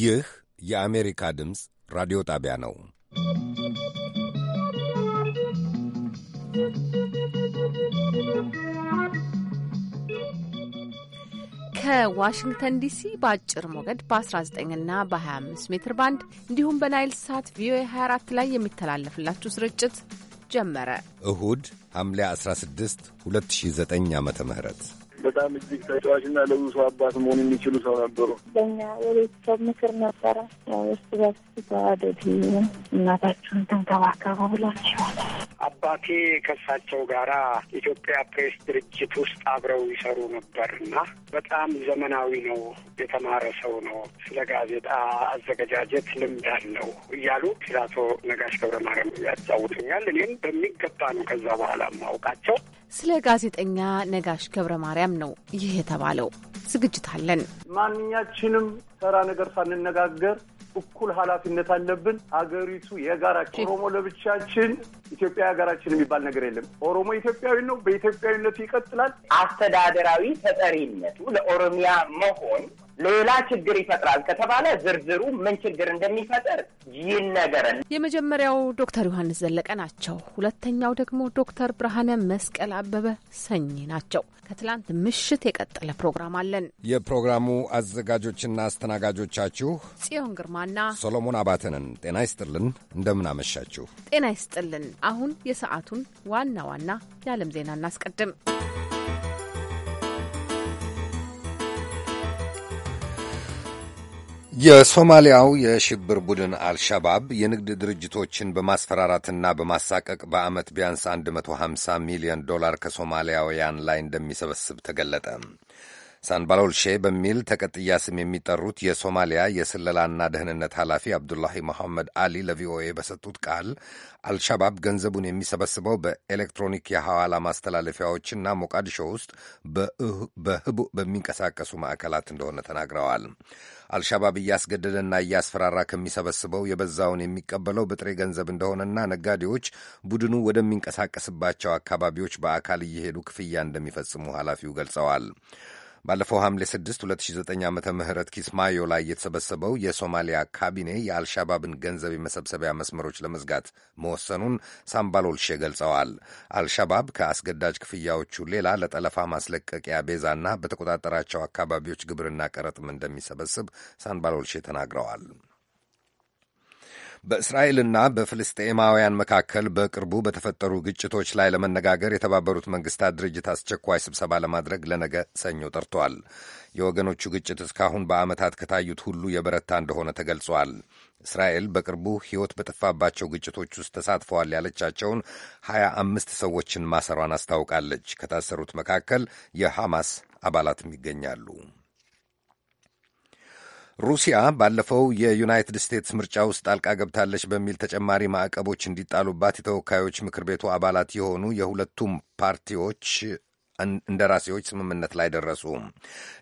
ይህ የአሜሪካ ድምፅ ራዲዮ ጣቢያ ነው። ከዋሽንግተን ዲሲ በአጭር ሞገድ በ19 እና በ25 ሜትር ባንድ እንዲሁም በናይል ሳት ቪኦኤ 24 ላይ የሚተላለፍላችሁ ስርጭት ጀመረ። እሁድ ሐምሌ 16 2009 ዓ ም በጣም እጅግ ተጫዋችና ለብዙ ሰው አባት መሆን የሚችሉ ሰው ነበሩ። በእኛ የቤተሰብ ምክር ነበረ እርስ በርስ ተዋደዱ፣ እናታችሁን ተንከባከቡ ብሏቸዋል። አባቴ ከሳቸው ጋራ ኢትዮጵያ ፕሬስ ድርጅት ውስጥ አብረው ይሰሩ ነበር እና በጣም ዘመናዊ ነው፣ የተማረ ሰው ነው፣ ስለ ጋዜጣ አዘገጃጀት ልምድ አለው እያሉ ስለ አቶ ነጋሽ ገብረ ማርያም ያጫውቱኛል። እኔም በሚገባ ነው ከዛ በኋላ ማውቃቸው ስለ ጋዜጠኛ ነጋሽ ገብረ ማርያም ነው ይህ የተባለው። ዝግጅት አለን። ማንኛችንም ሰራ ነገር ሳንነጋገር እኩል ኃላፊነት አለብን። ሀገሪቱ የጋራችን ኦሮሞ ለብቻችን ኢትዮጵያ የሀገራችን የሚባል ነገር የለም። ኦሮሞ ኢትዮጵያዊ ነው። በኢትዮጵያዊነቱ ይቀጥላል። አስተዳደራዊ ተጠሪነቱ ለኦሮሚያ መሆን ሌላ ችግር ይፈጥራል ከተባለ ዝርዝሩ ምን ችግር እንደሚፈጥር ይነገረን። የመጀመሪያው ዶክተር ዮሐንስ ዘለቀ ናቸው። ሁለተኛው ደግሞ ዶክተር ብርሃነ መስቀል አበበ ሰኚ ናቸው። ከትላንት ምሽት የቀጠለ ፕሮግራም አለን። የፕሮግራሙ አዘጋጆችና አስተናጋጆቻችሁ ጽዮን ግርማና ሶሎሞን አባተንን። ጤና ይስጥልን። እንደምን አመሻችሁ። ጤና ይስጥልን። አሁን የሰዓቱን ዋና ዋና የዓለም ዜና እናስቀድም። የሶማሊያው የሽብር ቡድን አልሻባብ የንግድ ድርጅቶችን በማስፈራራትና በማሳቀቅ በዓመት ቢያንስ 150 ሚሊዮን ዶላር ከሶማሊያውያን ላይ እንደሚሰበስብ ተገለጠ። ሳንባሎልሼ በሚል ተቀጥያ ስም የሚጠሩት የሶማሊያ የስለላና ደህንነት ኃላፊ አብዱላሂ መሐመድ አሊ ለቪኦኤ በሰጡት ቃል አልሻባብ ገንዘቡን የሚሰበስበው በኤሌክትሮኒክ የሐዋላ ማስተላለፊያዎችና ሞቃዲሾ ውስጥ በህቡዕ በሚንቀሳቀሱ ማዕከላት እንደሆነ ተናግረዋል። አልሻባብ እያስገደደና እያስፈራራ ከሚሰበስበው የበዛውን የሚቀበለው በጥሬ ገንዘብ እንደሆነና ነጋዴዎች ቡድኑ ወደሚንቀሳቀስባቸው አካባቢዎች በአካል እየሄዱ ክፍያ እንደሚፈጽሙ ኃላፊው ገልጸዋል። ባለፈው ሐምሌ 6 2009 ዓ ም ኪስማዮ ላይ የተሰበሰበው የሶማሊያ ካቢኔ የአልሻባብን ገንዘብ የመሰብሰቢያ መስመሮች ለመዝጋት መወሰኑን ሳምባሎልሼ ገልጸዋል። አልሻባብ ከአስገዳጅ ክፍያዎቹ ሌላ ለጠለፋ ማስለቀቂያ ቤዛና በተቆጣጠራቸው አካባቢዎች ግብርና ቀረጥም እንደሚሰበስብ ሳምባሎልሼ ተናግረዋል። በእስራኤልና በፍልስጤማውያን መካከል በቅርቡ በተፈጠሩ ግጭቶች ላይ ለመነጋገር የተባበሩት መንግስታት ድርጅት አስቸኳይ ስብሰባ ለማድረግ ለነገ ሰኞ ጠርቷል። የወገኖቹ ግጭት እስካሁን በዓመታት ከታዩት ሁሉ የበረታ እንደሆነ ተገልጿል። እስራኤል በቅርቡ ሕይወት በጠፋባቸው ግጭቶች ውስጥ ተሳትፈዋል ያለቻቸውን ሀያ አምስት ሰዎችን ማሰሯን አስታውቃለች። ከታሰሩት መካከል የሐማስ አባላትም ይገኛሉ። ሩሲያ ባለፈው የዩናይትድ ስቴትስ ምርጫ ውስጥ ጣልቃ ገብታለች በሚል ተጨማሪ ማዕቀቦች እንዲጣሉባት የተወካዮች ምክር ቤቱ አባላት የሆኑ የሁለቱም ፓርቲዎች እንደራሴዎች ስምምነት ላይ ደረሱ።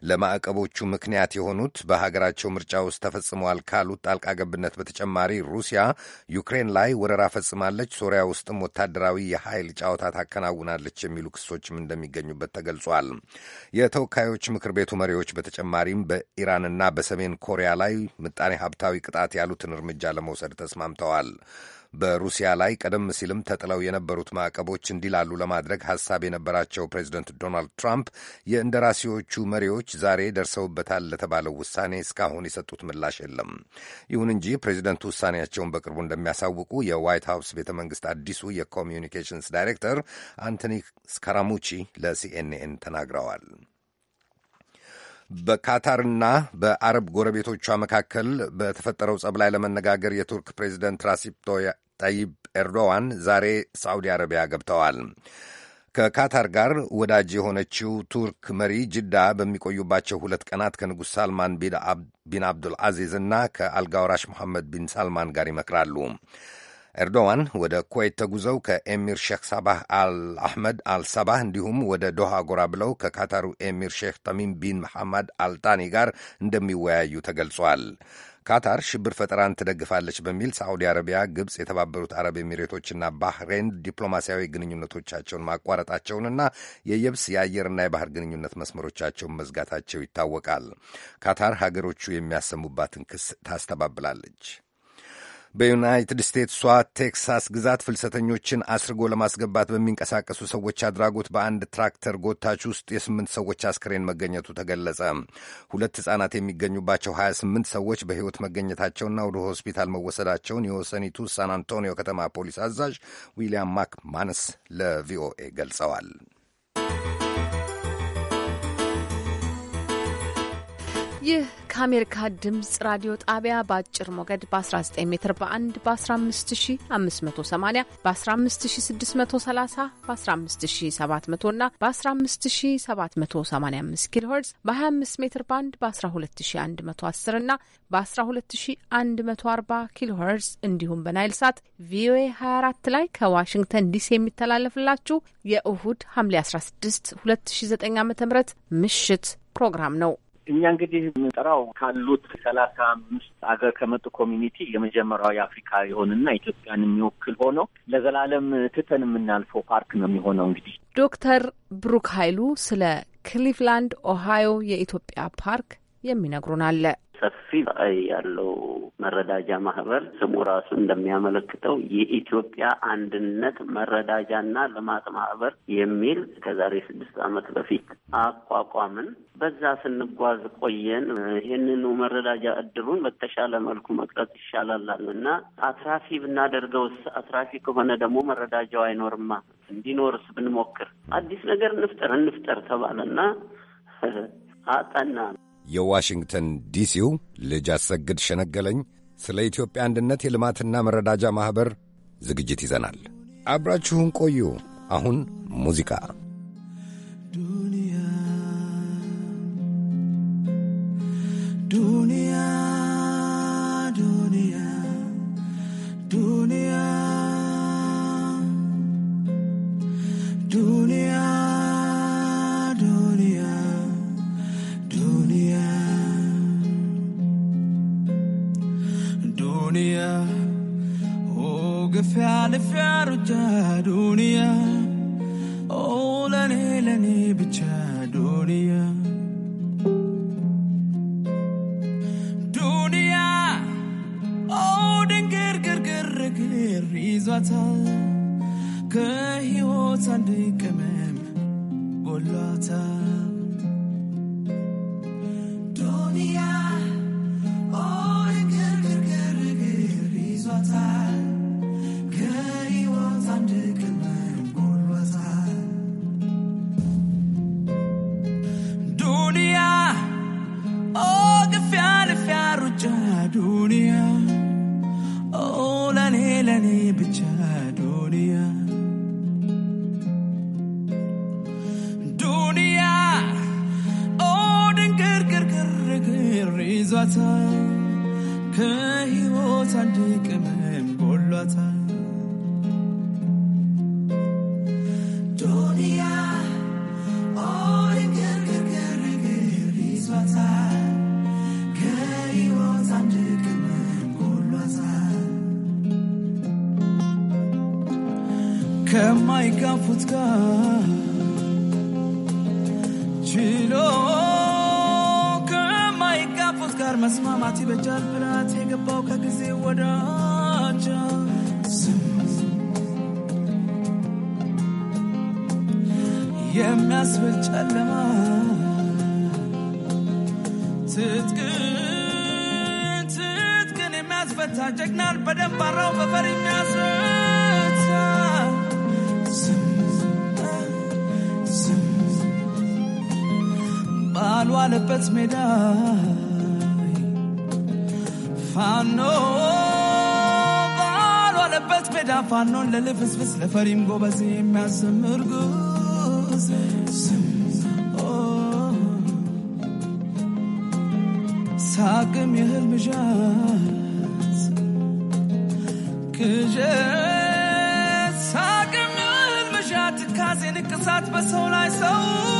ለማዕቀቦቹ ምክንያት የሆኑት በሀገራቸው ምርጫ ውስጥ ተፈጽመዋል ካሉት ጣልቃ ገብነት በተጨማሪ ሩሲያ ዩክሬን ላይ ወረራ ፈጽማለች፣ ሶሪያ ውስጥም ወታደራዊ የኃይል ጨዋታ ታከናውናለች የሚሉ ክሶችም እንደሚገኙበት ተገልጿል። የተወካዮች ምክር ቤቱ መሪዎች በተጨማሪም በኢራንና በሰሜን ኮሪያ ላይ ምጣኔ ሀብታዊ ቅጣት ያሉትን እርምጃ ለመውሰድ ተስማምተዋል። በሩሲያ ላይ ቀደም ሲልም ተጥለው የነበሩት ማዕቀቦች እንዲላሉ ለማድረግ ሐሳብ የነበራቸው ፕሬዚደንት ዶናልድ ትራምፕ የእንደራሴዎቹ መሪዎች ዛሬ ደርሰውበታል ለተባለው ውሳኔ እስካሁን የሰጡት ምላሽ የለም። ይሁን እንጂ ፕሬዚደንቱ ውሳኔያቸውን በቅርቡ እንደሚያሳውቁ የዋይት ሀውስ ቤተ መንግሥት አዲሱ የኮሚዩኒኬሽንስ ዳይሬክተር አንቶኒ ስካራሙቺ ለሲኤንኤን ተናግረዋል። በካታርና በአረብ ጎረቤቶቿ መካከል በተፈጠረው ጸብ ላይ ለመነጋገር የቱርክ ፕሬዚደንት ራሲፕ ጠይብ ኤርዶዋን ዛሬ ሳዑዲ አረቢያ ገብተዋል። ከካታር ጋር ወዳጅ የሆነችው ቱርክ መሪ ጅዳ በሚቆዩባቸው ሁለት ቀናት ከንጉሥ ሳልማን ቢን አብዱል አዚዝ እና ከአልጋወራሽ መሐመድ ቢን ሳልማን ጋር ይመክራሉ። ኤርዶዋን ወደ ኩዌት ተጉዘው ከኤሚር ሼክ ሳባህ አልአሕመድ አልሳባህ እንዲሁም ወደ ዶሃ ጎራ ብለው ከካታሩ ኤሚር ሼክ ተሚም ቢን መሐመድ አልጣኒ ጋር እንደሚወያዩ ተገልጿል። ካታር ሽብር ፈጠራን ትደግፋለች በሚል ሳዑዲ አረቢያ፣ ግብፅ፣ የተባበሩት አረብ ኤሚሬቶችና ባህሬን ዲፕሎማሲያዊ ግንኙነቶቻቸውን ማቋረጣቸውንና የየብስ የአየርና የባህር ግንኙነት መስመሮቻቸውን መዝጋታቸው ይታወቃል። ካታር ሀገሮቹ የሚያሰሙባትን ክስ ታስተባብላለች። በዩናይትድ ስቴትሷ ቴክሳስ ግዛት ፍልሰተኞችን አስርጎ ለማስገባት በሚንቀሳቀሱ ሰዎች አድራጎት በአንድ ትራክተር ጎታች ውስጥ የስምንት ሰዎች አስክሬን መገኘቱ ተገለጸ። ሁለት ሕፃናት የሚገኙባቸው 28 ሰዎች በሕይወት መገኘታቸውና ወደ ሆስፒታል መወሰዳቸውን የወሰኒቱ ሳን አንቶኒዮ ከተማ ፖሊስ አዛዥ ዊልያም ማክ ማነስ ለቪኦኤ ገልጸዋል። ይህ ከአሜሪካ ድምፅ ራዲዮ ጣቢያ በአጭር ሞገድ በ19 ሜትር በ1 በ15580 በ15630 በ15700 እና በ15785 ኪሎ ሄርዝ በ25 ሜትር ባንድ በ12110 እና በ12140 ኪሎ ሄርዝ እንዲሁም በናይል ሳት ቪኦኤ 24 ላይ ከዋሽንግተን ዲሲ የሚተላለፍላችሁ የእሁድ ሐምሌ 16 2009 ዓ ዓ.ም ምሽት ፕሮግራም ነው። እኛ እንግዲህ የምንጠራው ካሉት ሰላሳ አምስት አገር ከመጡ ኮሚኒቲ የመጀመሪያው የአፍሪካ የሆንና ኢትዮጵያን የሚወክል ሆኖ ለዘላለም ትተን የምናልፈው ፓርክ ነው የሚሆነው። እንግዲህ ዶክተር ብሩክ ኃይሉ ስለ ክሊቭላንድ ኦሃዮ የኢትዮጵያ ፓርክ የሚነግሩን አለ። ሰፊ ራዕይ ያለው መረዳጃ ማህበር ስሙ ራሱ እንደሚያመለክተው የኢትዮጵያ አንድነት መረዳጃና ልማት ማህበር የሚል ከዛሬ ስድስት ዓመት በፊት አቋቋምን። በዛ ስንጓዝ ቆየን። ይህንኑ መረዳጃ እድሩን በተሻለ መልኩ መቅረጽ ይሻላላል እና አትራፊ ብናደርገውስ፣ አትራፊ ከሆነ ደግሞ መረዳጃው አይኖርማ፣ እንዲኖርስ ብንሞክር አዲስ ነገር እንፍጠር እንፍጠር ተባለና አጠና የዋሽንግተን ዲሲው ልጅ አሰግድ ሸነገለኝ ስለ ኢትዮጵያ አንድነት የልማትና መረዳጃ ማኅበር ዝግጅት ይዘናል። አብራችሁን ቆዩ። አሁን ሙዚቃ ዱንያ ደግፍ ያልፍ ያሩጫ ዱንያ ኦ ለኔ ለኔ ብቻ ዱንያ ዱንያ ኦ ድንግር ግር ይዟታል ከሕይወት አንድ ቅመም ጎሏታል ለአራዳ ፋኖን ለልፍስፍስ ለፈሪም ጎበዝ የሚያስምር ጉዝ ሳቅም የህል ዣዝ ቅዠት ሳቅም የህልም ዣዝ ትካዜ ንቅሳት በሰው ላይ ሰው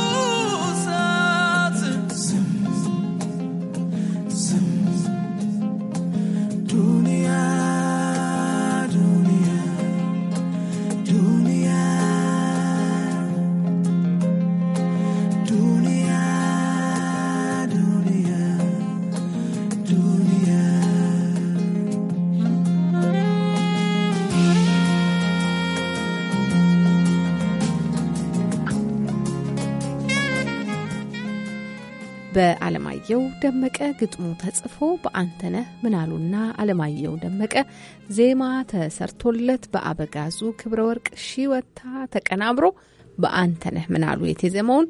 አለማየሁ ደመቀ ግጥሙ ተጽፎ በአንተነህ ምናሉና አለማየሁ ደመቀ ዜማ ተሰርቶለት በአበጋዙ ክብረ ወርቅ ሺወታ ተቀናብሮ በአንተነህ ምናሉ የተዜመውን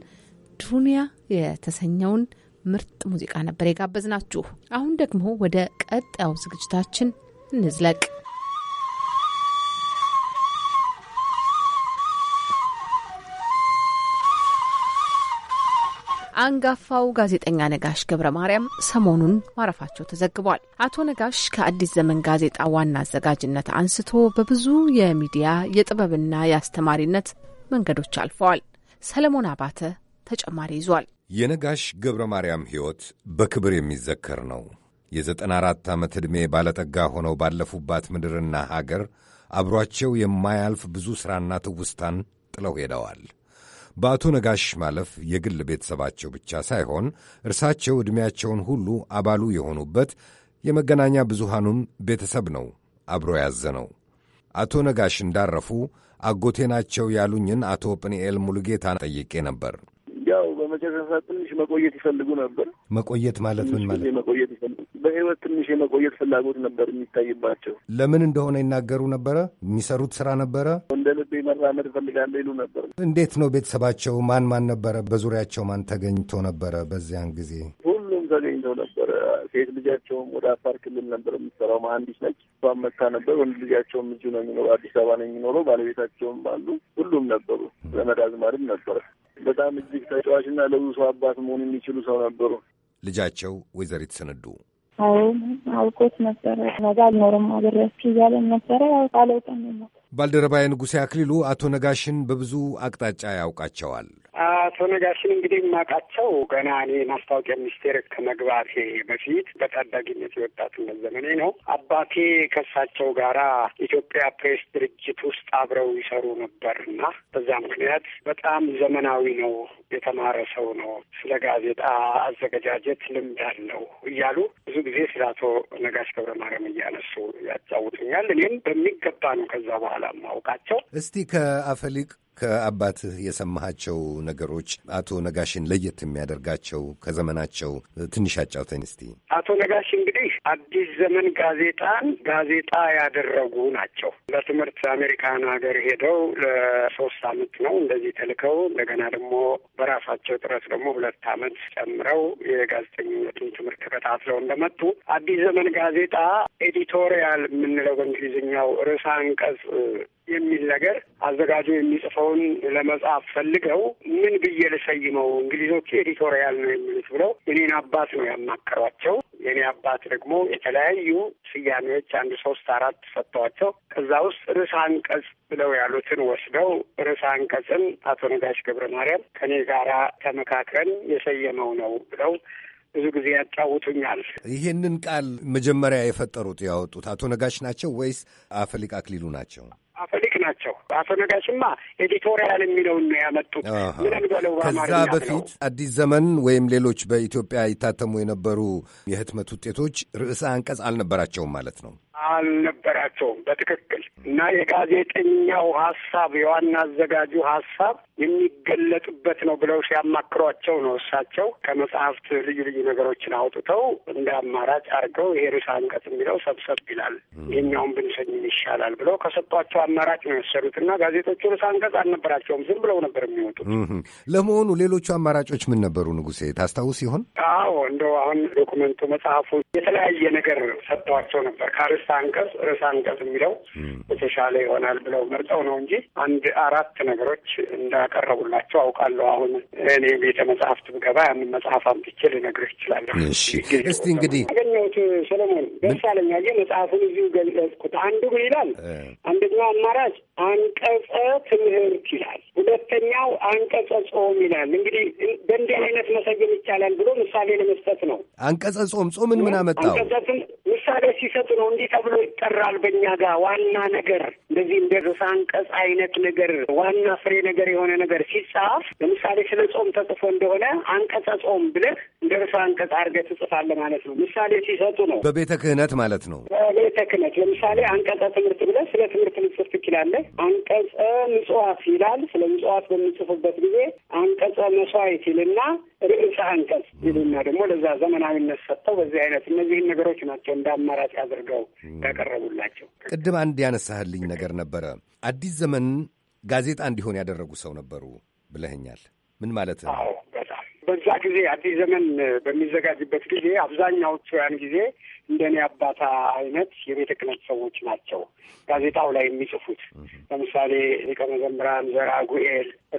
ዱኒያ የተሰኘውን ምርጥ ሙዚቃ ነበር የጋበዝናችሁ። አሁን ደግሞ ወደ ቀጣዩ ዝግጅታችን እንዝለቅ። አንጋፋው ጋዜጠኛ ነጋሽ ገብረ ማርያም ሰሞኑን ማረፋቸው ተዘግቧል። አቶ ነጋሽ ከአዲስ ዘመን ጋዜጣ ዋና አዘጋጅነት አንስቶ በብዙ የሚዲያ የጥበብና የአስተማሪነት መንገዶች አልፈዋል። ሰለሞን አባተ ተጨማሪ ይዟል። የነጋሽ ገብረ ማርያም ሕይወት በክብር የሚዘከር ነው። የዘጠና አራት ዓመት ዕድሜ ባለጠጋ ሆነው ባለፉባት ምድርና ሀገር አብሯቸው የማያልፍ ብዙ ሥራና ትውስታን ጥለው ሄደዋል። በአቶ ነጋሽ ማለፍ የግል ቤተሰባቸው ብቻ ሳይሆን እርሳቸው ዕድሜያቸውን ሁሉ አባሉ የሆኑበት የመገናኛ ብዙሃኑም ቤተሰብ ነው አብሮ ያዘነው። አቶ ነጋሽ እንዳረፉ አጎቴ ናቸው ያሉኝን አቶ ጵንኤል ሙሉጌታ ጠይቄ ነበር። በመጨረሻ ትንሽ መቆየት ይፈልጉ ነበር። መቆየት ማለት ምን ማለት? መቆየት ይፈልጉ በህይወት ትንሽ የመቆየት ፍላጎት ነበር የሚታይባቸው። ለምን እንደሆነ ይናገሩ ነበረ። የሚሰሩት ስራ ነበረ። እንደ ልቤ መራመድ እፈልጋለሁ ይሉ ነበር። እንዴት ነው ቤተሰባቸው? ማን ማን ነበረ? በዙሪያቸው ማን ተገኝቶ ነበረ በዚያን ጊዜ? ተገኝተው ነበር። ሴት ልጃቸውም ወደ አፋር ክልል ነበር የምትሰራው መሀንዲስ ነች። እሷም መታ ነበር። ወንድ ልጃቸውም እዚሁ ነው የሚኖረው፣ አዲስ አበባ ነው የሚኖረው። ባለቤታቸውም አሉ። ሁሉም ነበሩ። ዘመድ አዝማድም ነበረ። በጣም እጅግ ተጫዋችና ለብዙ ሰው አባት መሆን የሚችሉ ሰው ነበሩ። ልጃቸው ወይዘሪት ሰነዱ አይ አልቆት ነበረ። ነገ አልኖርም አብሬያችሁ እያለን ነበረ ያው ቃለውጠን ነው ባልደረባ ንጉሴ አክሊሉ አቶ ነጋሽን በብዙ አቅጣጫ ያውቃቸዋል። አቶ ነጋሽን እንግዲህ የማውቃቸው ገና እኔ ማስታወቂያ ሚኒስቴር ከመግባቴ በፊት በታዳጊነት የወጣትነት ዘመኔ ነው። አባቴ ከእሳቸው ጋራ ኢትዮጵያ ፕሬስ ድርጅት ውስጥ አብረው ይሰሩ ነበር እና በዛ ምክንያት በጣም ዘመናዊ ነው፣ የተማረ ሰው ነው፣ ስለ ጋዜጣ አዘገጃጀት ልምድ አለው እያሉ ብዙ ጊዜ ስለ አቶ ነጋሽ ገብረ ማርያም እያነሱ ያጫውቱኛል። እኔም በሚገባ ነው ከዛ በኋላ አላማውቃቸው። እስቲ ከአፈሊቅ ከአባትህ የሰማሃቸው ነገሮች አቶ ነጋሽን ለየት የሚያደርጋቸው ከዘመናቸው ትንሽ አጫውተን እስቲ። አቶ ነጋሽ እንግዲህ አዲስ ዘመን ጋዜጣን ጋዜጣ ያደረጉ ናቸው። በትምህርት አሜሪካን ሀገር ሄደው ለሶስት አመት ነው እንደዚህ ተልከው እንደገና ደግሞ በራሳቸው ጥረት ደግሞ ሁለት አመት ጨምረው የጋዜጠኝነቱን ትምህርት ተከታትለው እንደመጡ አዲስ ዘመን ጋዜጣ ኤዲቶሪያል የምንለው በእንግሊዝኛው ርዕሰ አንቀጽ የሚል ነገር አዘጋጁ የሚጽፈውን ለመጽሐፍ ፈልገው ምን ብዬ ልሰይመው፣ እንግሊዞቹ ኤዲቶሪያል ነው የሚሉት ብለው የኔን አባት ነው ያማከሯቸው። የኔ አባት ደግሞ የተለያዩ ስያሜዎች አንድ ሶስት አራት ሰጥተዋቸው ከዛ ውስጥ ርዕሰ አንቀጽ ብለው ያሉትን ወስደው ርዕሰ አንቀጽን አቶ ነጋሽ ገብረ ማርያም ከኔ ጋራ ተመካክረን የሰየመው ነው ብለው ብዙ ጊዜ ያጫውቱኛል። ይህንን ቃል መጀመሪያ የፈጠሩት ያወጡት አቶ ነጋሽ ናቸው ወይስ አፈሊቅ አክሊሉ ናቸው? አፈሊክ ናቸው። አቶ ነጋሽማ ኤዲቶሪያል የሚለውን ነው ያመጡት። ምንም በለው ከዛ በፊት አዲስ ዘመን ወይም ሌሎች በኢትዮጵያ ይታተሙ የነበሩ የህትመት ውጤቶች ርዕሰ አንቀጽ አልነበራቸውም ማለት ነው። አልነበራቸውም በትክክል እና የጋዜጠኛው ሀሳብ የዋና አዘጋጁ ሀሳብ የሚገለጥበት ነው ብለው ሲያማክሯቸው ነው እሳቸው ከመጽሐፍት ልዩ ልዩ ነገሮችን አውጥተው እንደ አማራጭ አድርገው ይሄ ርዕሰ አንቀጽ የሚለው ሰብሰብ ይላል፣ ይህኛውን ብንሰኝ ይሻላል ብለው ከሰጧቸው አማራጭ ነው የወሰዱት እና ጋዜጦቹ ርዕሰ አንቀጽ አልነበራቸውም። ዝም ብለው ነበር የሚወጡት። ለመሆኑ ሌሎቹ አማራጮች ምን ነበሩ? ንጉሴ ታስታውስ ይሆን? አዎ እንደው አሁን ዶኩመንቱ መጽሐፉ የተለያየ ነገር ሰጥተዋቸው ነበር። ርዕሰ አንቀጽ ርዕሰ አንቀጽ የሚለው የተሻለ ይሆናል ብለው መርጠው ነው እንጂ አንድ አራት ነገሮች እንዳቀረቡላቸው አውቃለሁ። አሁን እኔ ቤተ መጽሐፍት ብገባ ያንን መጽሐፍ አምጥቼ ልነግርህ እችላለሁ። እስቲ እንግዲህ አገኘሁት ሰለሞን ደሳለኛ ጌ መጽሐፉን እዚሁ ገለጽኩት። አንዱ ምን ይላል? አንደኛው አማራጭ አንቀጸ ትምህርት ይላል። ሁለተኛው አንቀጸ ጾም ይላል። እንግዲህ በእንዲህ አይነት መሰየም ይቻላል ብሎ ምሳሌ ለመስጠት ነው። አንቀጸ ጾም ጾምን ምን አመጣው? ምሳሌ ሲሰጡ ነው እንዲህ ተብሎ ይጠራል። በእኛ ጋር ዋና ነገር እንደዚህ እንደ ርዕሰ አንቀጽ አይነት ነገር ዋና ፍሬ ነገር የሆነ ነገር ሲጻፍ ለምሳሌ ስለ ጾም ተጽፎ እንደሆነ አንቀጸ ጾም ብለህ እንደ ርዕሰ አንቀጽ አድርገህ ትጽፋለህ ማለት ነው። ምሳሌ ሲሰጡ ነው። በቤተ ክህነት ማለት ነው። በቤተ ክህነት ለምሳሌ አንቀጸ ትምህርት ብለህ ስለ ትምህርት ልጽፍ ትችላለህ። አንቀጸ ምጽዋት ይላል። ስለ ምጽዋት በምንጽፉበት ጊዜ አንቀጸ መስዋዕት ይልና ርዕሰ አንቀጽ ይልና ደግሞ ለዛ ዘመናዊነት ሰጥተው በዚህ አይነት እነዚህን ነገሮች ናቸው እንደ አማራጭ አድርገው ያቀረቡላቸው። ቅድም አንድ ያነሳህልኝ ነገር ነበረ። አዲስ ዘመን ጋዜጣ እንዲሆን ያደረጉ ሰው ነበሩ ብለህኛል። ምን ማለት ነው? በዛ ጊዜ አዲስ ዘመን በሚዘጋጅበት ጊዜ አብዛኛዎቹ ያን ጊዜ እንደኔ አባታ አይነት የቤተ ክህነት ሰዎች ናቸው ጋዜጣው ላይ የሚጽፉት። ለምሳሌ ሊቀ መዘምራን ዘርዓ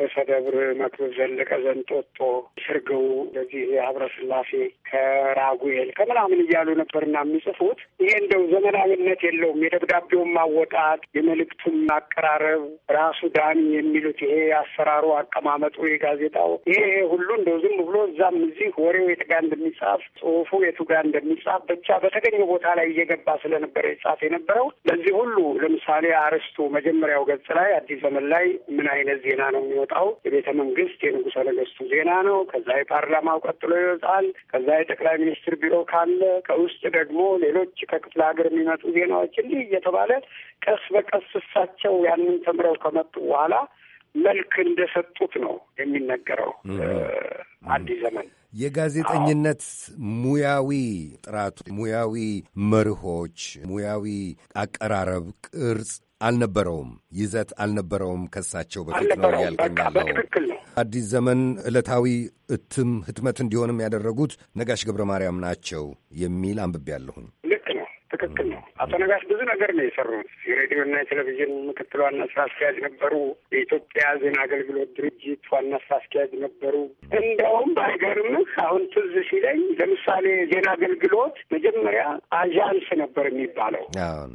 ርዕሰ ደብር መክብብ ዘለቀ ዘንጦጦ፣ ስርግው እንደዚህ ሀብረ ስላሴ ከራጉኤል ከምናምን እያሉ ነበርና የሚጽፉት ይሄ እንደው ዘመናዊነት የለውም። የደብዳቤውን ማወጣት፣ የመልእክቱን አቀራረብ ራሱ ዳኒ የሚሉት ይሄ አሰራሩ፣ አቀማመጡ፣ የጋዜጣው ይሄ ሁሉ እንደው ዝም ብሎ እዛም እዚህ ወሬው የትጋ እንደሚጻፍ ጽሁፉ የቱጋ እንደሚጻፍ ብቻ በተገኘ ቦታ ላይ እየገባ ስለነበረ የጻፍ የነበረው ለዚህ ሁሉ ለምሳሌ አርስቱ መጀመሪያው ገጽ ላይ አዲስ ዘመን ላይ ምን አይነት ዜና ነው የሚወጣው የቤተ መንግስት የንጉሰ ነገስቱ ዜና ነው። ከዛ የፓርላማው ቀጥሎ ይወጣል። ከዛ የጠቅላይ ሚኒስትር ቢሮ ካለ፣ ከውስጥ ደግሞ ሌሎች ከክፍለ ሀገር የሚመጡ ዜናዎች እንዲህ እየተባለ ቀስ በቀስ እሳቸው ያንን ተምረው ከመጡ በኋላ መልክ እንደሰጡት ነው የሚነገረው። አዲስ ዘመን የጋዜጠኝነት ሙያዊ ጥራቱ፣ ሙያዊ መርሆች፣ ሙያዊ አቀራረብ፣ ቅርጽ አልነበረውም፣ ይዘት አልነበረውም። ከሳቸው በፊት ነው እያልቀኛለው። አዲስ ዘመን ዕለታዊ እትም ህትመት እንዲሆንም ያደረጉት ነጋሽ ገብረ ማርያም ናቸው የሚል አንብቤ ያለሁኝ ትክክል ነው። አቶ ነጋሽ ብዙ ነገር ነው የሰሩት። የሬዲዮና የቴሌቪዥን ምክትል ዋና ስራ አስኪያጅ ነበሩ። የኢትዮጵያ ዜና አገልግሎት ድርጅት ዋና ስራ አስኪያጅ ነበሩ። እንደውም ባይገርምህ አሁን ትዝ ሲለኝ ለምሳሌ ዜና አገልግሎት መጀመሪያ አዣንስ ነበር የሚባለው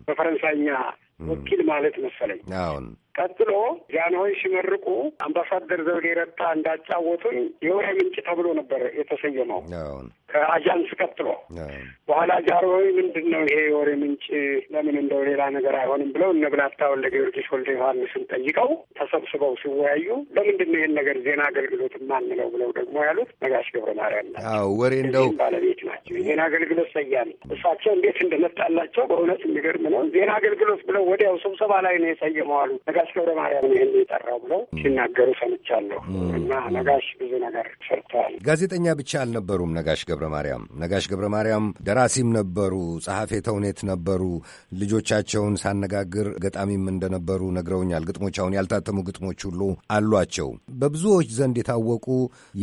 በፈረንሳይኛ ወኪል ማለት መሰለኝ። አሁን ቀጥሎ ጃንሆይ ሲመርቁ አምባሳደር ዘውዴ ረታ እንዳጫወቱኝ የወሬ ምንጭ ተብሎ ነበር የተሰየመው። ከአጃንስ ቀጥሎ በኋላ ጃሮዊ ምንድን ነው ይሄ ወሬ ምንጭ ለምን እንደው ሌላ ነገር አይሆንም ብለው እነ ብላታ ወልደ ጊዮርጊስ ወልደ ዮሐንስን ጠይቀው ተሰብስበው ሲወያዩ ለምንድን ነው ይህን ነገር ዜና አገልግሎት ማንለው ብለው ደግሞ ያሉት ነጋሽ ገብረ ማርያም ናቸው። ወሬ እንደው ባለቤት ናቸው። ዜና አገልግሎት ሰያኔ እሳቸው እንዴት እንደመጣላቸው በእውነት የሚገርም ነው። ዜና አገልግሎት ብለው ወዲያው ስብሰባ ላይ ነው የሰየመው አሉ። ነጋሽ ገብረ ማርያም ነው ይህን የጠራው ብለው ሲናገሩ ሰምቻለሁ። እና ነጋሽ ብዙ ነገር ሰርተዋል። ጋዜጠኛ ብቻ አልነበሩም ነጋሽ ገብረ ገብረ ማርያም ነጋሽ ገብረ ማርያም ደራሲም ነበሩ፣ ጸሐፌ ተውኔት ነበሩ። ልጆቻቸውን ሳነጋግር ገጣሚም እንደነበሩ ነግረውኛል። ግጥሞች አሁን ያልታተሙ ግጥሞች ሁሉ አሏቸው። በብዙዎች ዘንድ የታወቁ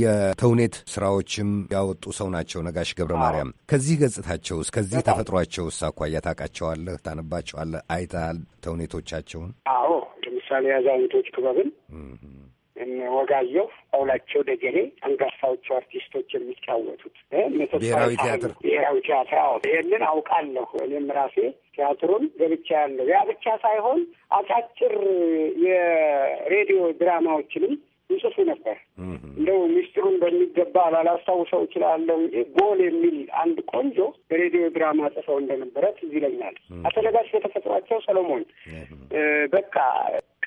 የተውኔት ስራዎችም ያወጡ ሰው ናቸው ነጋሽ ገብረ ማርያም። ከዚህ ገጽታቸውስ ከዚህ ተፈጥሯቸውስ አኳያ ታውቃቸዋለህ? ታነባቸዋለህ? አይተሃል ተውኔቶቻቸውን? አዎ ለምሳሌ አዛውንቶች ክበብን ወጋየሁ፣ አውላቸው ደጀኔ አንጋፋዎቹ አርቲስቶች የሚጫወቱት ብሔራዊ ቲያትር ብሔራዊ ቲያትር ይህንን አውቃለሁ። እኔም ራሴ ቲያትሩን ገብቻ ያለሁ። ያ ብቻ ሳይሆን አጫጭር የሬዲዮ ድራማዎችንም ይጽፉ ነበር። እንደው ሚስጢሩን በሚገባ ላላስታውሰው እችላለሁ ጎል የሚል አንድ ቆንጆ በሬዲዮ ድራማ ጽፈው እንደነበረ ትዝ ይለኛል። አቶ ነጋሽ ሰሎሞን በቃ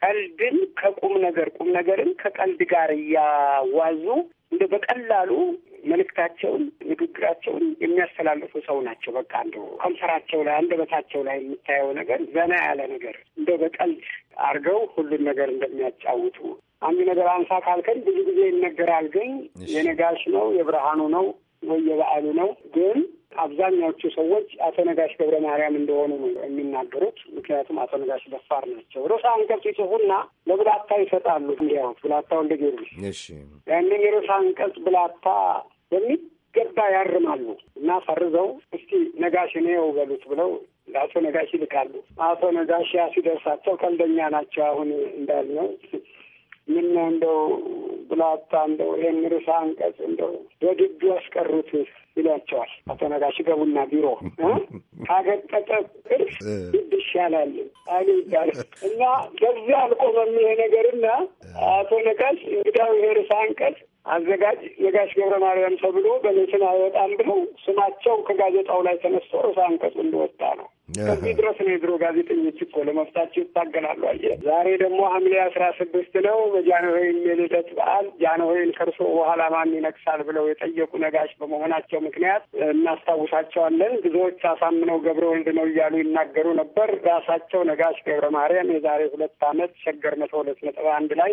ቀልድን ከቁም ነገር ቁም ነገርን ከቀልድ ጋር እያዋዙ እንደ በቀላሉ መልእክታቸውን ንግግራቸውን የሚያስተላልፉ ሰው ናቸው። በቃ እንደ ከንፈራቸው ላይ አንደበታቸው ላይ የምታየው ነገር ዘና ያለ ነገር እንደ በቀልድ አድርገው ሁሉን ነገር እንደሚያጫውቱ አንድ ነገር አንሳ ካልከን ብዙ ጊዜ ይነገራል። ግን የነጋሽ ነው የብርሃኑ ነው ወይ የበዓሉ ነው ግን አብዛኛዎቹ ሰዎች አቶ ነጋሽ ገብረ ማርያም እንደሆኑ ነው የሚናገሩት። ምክንያቱም አቶ ነጋሽ ደፋር ናቸው። ርዕሰ አንቀጽ ይጽፉና ለብላታ ይሰጣሉ። እንዲያው ብላታ እንደ ጊዮርጊስ ያንን የርዕሰ አንቀጽ ብላታ በሚገባ ያርማሉ እና ፈርዘው እስቲ ነጋሽ ነው በሉት ብለው ለአቶ ነጋሽ ይልካሉ። አቶ ነጋሽ ያ ሲደርሳቸው ቀልደኛ ናቸው። አሁን እንዳልነው ምን እንደው ብላታ እንደው ይህን ርዕሰ አንቀጽ እንደው በድዱ ያስቀሩት ይሏቸዋል። አቶ ነጋሽ ገቡና ቢሮ ካገጠጠ እርስ ድድ ይሻላል አሉ ይባል እና በዚያ አልቆመም ይሄ ነገርና አቶ ነጋሽ እንግዳው ይሄ ርዕሰ አንቀጽ አዘጋጅ የጋሽ ገብረ ማርያም ተብሎ በሌትን አይወጣም ብለው ስማቸው ከጋዜጣው ላይ ተነስቶ ርዕሰ አንቀጹ እንደወጣ ነው። ከዚህ ድረስ ነው የድሮ ጋዜጠኞች እኮ ለመፍታቸው ይታገላሉ። አየ ዛሬ ደግሞ ሐምሌ አስራ ስድስት ነው በጃንሆይም የልደት በዓል ጃንሆይን ከእርሶ በኋላ ማን ይነግሳል ብለው የጠየቁ ነጋሽ በመሆናቸው ምክንያት እናስታውሳቸዋለን። ብዙዎች አሳምነው ገብረ ወልድ ነው እያሉ ይናገሩ ነበር። ራሳቸው ነጋሽ ገብረ ማርያም የዛሬ ሁለት ዓመት ሸገር መቶ ሁለት ነጥብ አንድ ላይ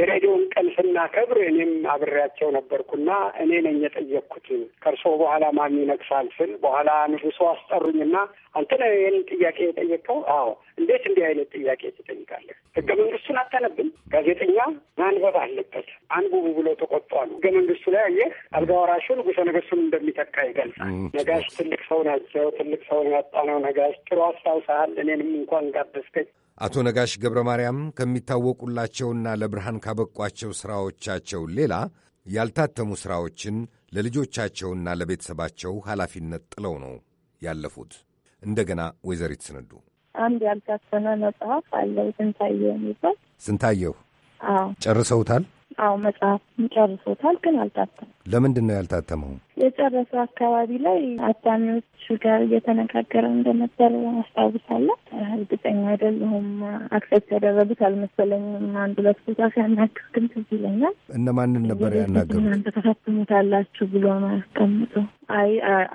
የሬዲዮን ቀን ስናከብር እኔም አብሬያቸው ነበርኩና እኔ ነኝ የጠየቅኩት ከእርሶ በኋላ ማን ይነግሳል ስል በኋላ ንጉሱ አስጠሩኝና አንተ ነህ ይህን ጥያቄ የጠየቀው? አዎ። እንዴት እንዲህ አይነት ጥያቄ ትጠይቃለህ? ህገ መንግስቱን አታነብም? ጋዜጠኛ ማንበብ አለበት፣ አንብቡ ብሎ ተቆጧሉ። ህገ መንግስቱ ላይ አየህ፣ አልጋወራሹ ንጉሰ ነገስቱን እንደሚተካ ይገልጻል። ነጋሽ ትልቅ ሰው ናቸው። ትልቅ ሰው ያጣ ነው ነጋሽ። ጥሩ አስታውሰሃል። እኔንም እንኳን ጋበዝከኝ። አቶ ነጋሽ ገብረ ማርያም ከሚታወቁላቸውና ለብርሃን ካበቋቸው ሥራዎቻቸው ሌላ ያልታተሙ ሥራዎችን ለልጆቻቸውና ለቤተሰባቸው ኃላፊነት ጥለው ነው ያለፉት። እንደገና ወይዘሪት ስንዱ አንድ ያልታተመ መጽሐፍ አለው ስንታየሁ የሚባል ስንታየሁ ጨርሰውታል? አዎ መጽሐፍ ጨርሶታል፣ ግን አልታተም። ለምንድን ነው ያልታተመው? የጨረሰው አካባቢ ላይ አታሚዎች ጋር እየተነጋገረ እንደነበር አስታውሳለሁ። እርግጠኛ አይደለሁም። አክሴፕት ያደረጉት አልመሰለኝም። አንድ ሁለት ቦታ ሲያናግር ግን ትዝ ይለኛል። እነማንን ነበር ያናገሩ? እናንተ ተፈትሙታላችሁ ብሎ ነው ያስቀምጠው። አይ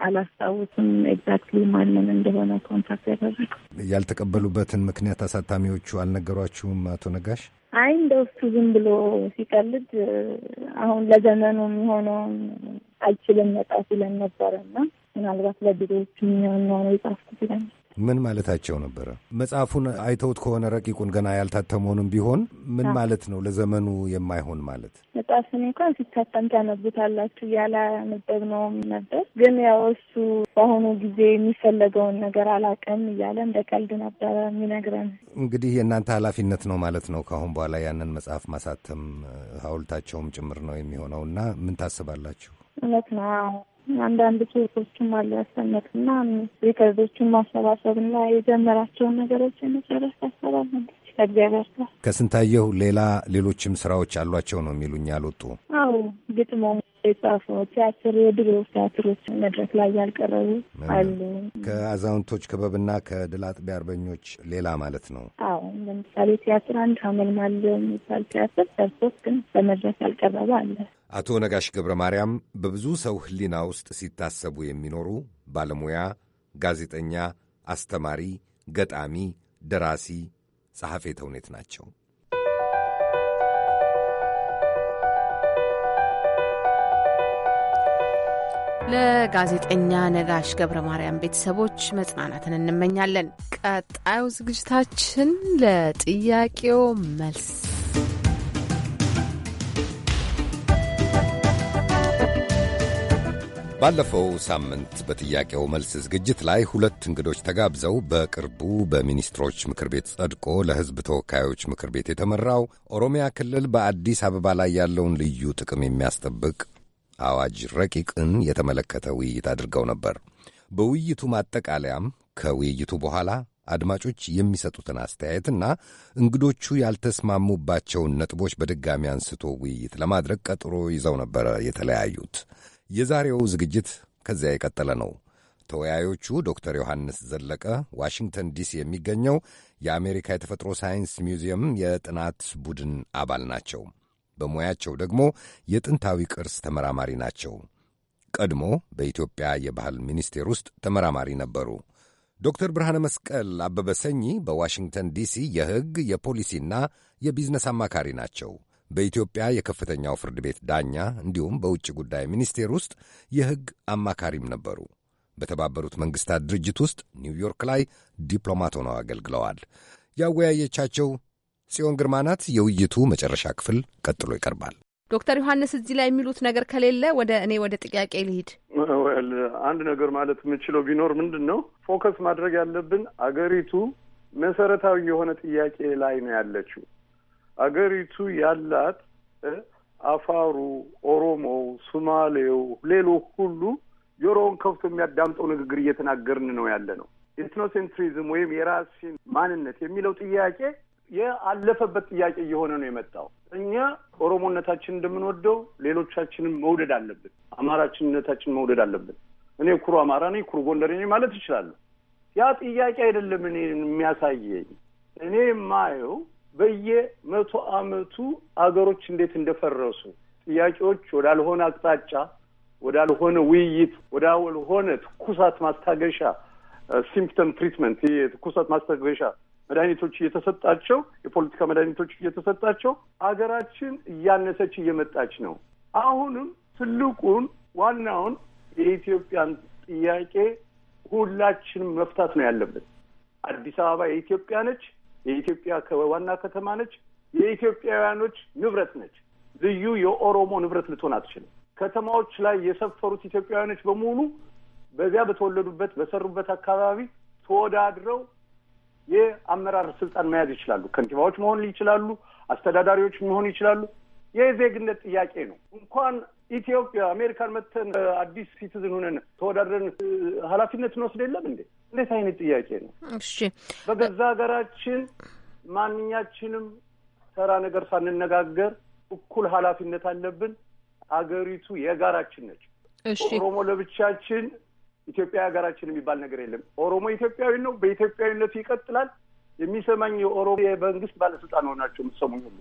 አላስታውስም፣ ኤግዛክትሊ ማንን እንደሆነ ኮንታክት ያደረገው። ያልተቀበሉበትን ምክንያት አሳታሚዎቹ አልነገሯችሁም? አቶ ነጋሽ አይ እንደ እሱ ዝም ብሎ ሲቀልድ አሁን ለዘመኑ የሚሆነውን አይችልም መጣ ሲለን ነበረ እና ምናልባት ለድሮዎቹ የሚሆን ነው የጻፍኩት ይለኛል። ምን ማለታቸው ነበረ? መጽሐፉን አይተውት ከሆነ ረቂቁን ገና ያልታተመውንም ቢሆን ምን ማለት ነው? ለዘመኑ የማይሆን ማለት መጽሐፍን እንኳን ሲታተም ታነቡታላችሁ ነው ነበር። ግን ያው እሱ በአሁኑ ጊዜ የሚፈለገውን ነገር አላውቅም እያለ እንደ ቀልድ ነበረ የሚነግረን። እንግዲህ የእናንተ ኃላፊነት ነው ማለት ነው ከአሁን በኋላ ያንን መጽሐፍ ማሳተም ሐውልታቸውም ጭምር ነው የሚሆነው እና ምን ታስባላችሁ? እውነት ነው። አንዳንድ ጽሁፎችም አሉ ያሰነት እና ሪከርዶችን ማሰባሰብ እና የጀመራቸውን ነገሮች የመጨረስ ያሰባል ከእግዚአብሔር ጋር ከስንታየሁ ሌላ ሌሎችም ስራዎች አሏቸው ነው የሚሉኝ ያልወጡ አዎ ግጥሞ የጻፈው ቲያትር፣ የድሮ ቲያትሮች መድረክ ላይ ያልቀረቡ አሉ። ከአዛውንቶች ክበብና ከድል አጥቢ አርበኞች ሌላ ማለት ነው። አዎ ለምሳሌ ቲያትር አንድ ሀመልማል የሚባል ቲያትር ሰርቶስ ግን በመድረክ ያልቀረበ አለ። አቶ ነጋሽ ገብረ ማርያም በብዙ ሰው ሕሊና ውስጥ ሲታሰቡ የሚኖሩ ባለሙያ፣ ጋዜጠኛ፣ አስተማሪ፣ ገጣሚ፣ ደራሲ፣ ጸሐፌ ተውኔት ናቸው። ለጋዜጠኛ ነጋሽ ገብረ ማርያም ቤተሰቦች መጽናናትን እንመኛለን። ቀጣዩ ዝግጅታችን ለጥያቄው መልስ ባለፈው ሳምንት በጥያቄው መልስ ዝግጅት ላይ ሁለት እንግዶች ተጋብዘው በቅርቡ በሚኒስትሮች ምክር ቤት ጸድቆ ለሕዝብ ተወካዮች ምክር ቤት የተመራው ኦሮሚያ ክልል በአዲስ አበባ ላይ ያለውን ልዩ ጥቅም የሚያስጠብቅ አዋጅ ረቂቅን የተመለከተ ውይይት አድርገው ነበር። በውይይቱ ማጠቃለያም ከውይይቱ በኋላ አድማጮች የሚሰጡትን አስተያየትና እንግዶቹ ያልተስማሙባቸውን ነጥቦች በድጋሚ አንስቶ ውይይት ለማድረግ ቀጥሮ ይዘው ነበረ የተለያዩት። የዛሬው ዝግጅት ከዚያ የቀጠለ ነው። ተወያዮቹ ዶክተር ዮሐንስ ዘለቀ ዋሽንግተን ዲሲ የሚገኘው የአሜሪካ የተፈጥሮ ሳይንስ ሚውዚየም የጥናት ቡድን አባል ናቸው። በሙያቸው ደግሞ የጥንታዊ ቅርስ ተመራማሪ ናቸው። ቀድሞ በኢትዮጵያ የባህል ሚኒስቴር ውስጥ ተመራማሪ ነበሩ። ዶክተር ብርሃነ መስቀል አበበ ሰኚ በዋሽንግተን ዲሲ የሕግ የፖሊሲና የቢዝነስ አማካሪ ናቸው። በኢትዮጵያ የከፍተኛው ፍርድ ቤት ዳኛ እንዲሁም በውጭ ጉዳይ ሚኒስቴር ውስጥ የሕግ አማካሪም ነበሩ። በተባበሩት መንግሥታት ድርጅት ውስጥ ኒውዮርክ ላይ ዲፕሎማት ሆነው አገልግለዋል። ያወያየቻቸው ጽዮን ግርማ ናት። የውይይቱ መጨረሻ ክፍል ቀጥሎ ይቀርባል። ዶክተር ዮሐንስ እዚህ ላይ የሚሉት ነገር ከሌለ ወደ እኔ ወደ ጥያቄ ልሂድ። ወል አንድ ነገር ማለት የምችለው ቢኖር ምንድን ነው ፎከስ ማድረግ ያለብን አገሪቱ መሰረታዊ የሆነ ጥያቄ ላይ ነው ያለችው። አገሪቱ ያላት አፋሩ፣ ኦሮሞው፣ ሱማሌው፣ ሌሎ ሁሉ ጆሮውን ከፍቶ የሚያዳምጠው ንግግር እየተናገርን ነው ያለ ነው። ኢትኖሴንትሪዝም ወይም የራሴን ማንነት የሚለው ጥያቄ የአለፈበት ጥያቄ እየሆነ ነው የመጣው። እኛ ኦሮሞነታችን እንደምንወደው ሌሎቻችንን መውደድ አለብን። አማራችንነታችን መውደድ አለብን። እኔ ኩሩ አማራ ነኝ፣ ኩሩ ጎንደር ነኝ ማለት እችላለሁ። ያ ጥያቄ አይደለም እኔ የሚያሳየኝ እኔ የማየው በየመቶ አመቱ አገሮች እንዴት እንደፈረሱ ጥያቄዎች ወዳልሆነ አቅጣጫ፣ ወዳልሆነ ውይይት፣ ወዳልሆነ ትኩሳት ማስታገሻ ሲምፕተም ትሪትመንት ትኩሳት ማስታገሻ መድኃኒቶች እየተሰጣቸው የፖለቲካ መድኃኒቶች እየተሰጣቸው አገራችን እያነሰች እየመጣች ነው። አሁንም ትልቁን ዋናውን የኢትዮጵያን ጥያቄ ሁላችንም መፍታት ነው ያለበት አዲስ አበባ የኢትዮጵያ ነች። የኢትዮጵያ ዋና ከተማ ነች። የኢትዮጵያውያኖች ንብረት ነች። ልዩ የኦሮሞ ንብረት ልትሆን አትችልም። ከተማዎች ላይ የሰፈሩት ኢትዮጵያውያኖች በሙሉ በዚያ በተወለዱበት በሰሩበት አካባቢ ተወዳድረው የአመራር ስልጣን መያዝ ይችላሉ። ከንቲባዎች መሆን ይችላሉ። አስተዳዳሪዎች መሆን ይችላሉ። የዜግነት ጥያቄ ነው። እንኳን ኢትዮጵያ አሜሪካን መተን አዲስ ሲቲዝን ሆነን ተወዳድረን ኃላፊነት እንወስድ የለም እንዴ? እንዴት አይነት ጥያቄ ነው? እሺ በገዛ ሀገራችን ማንኛችንም ተራ ነገር ሳንነጋገር እኩል ኃላፊነት አለብን። አገሪቱ የጋራችን ነች። ኦሮሞ ለብቻችን፣ ኢትዮጵያ ሀገራችን የሚባል ነገር የለም። ኦሮሞ ኢትዮጵያዊ ነው፣ በኢትዮጵያዊነቱ ይቀጥላል። የሚሰማኝ የኦሮሞ የመንግስት ባለስልጣን ሆናችሁ የምትሰሙኝ ሁሉ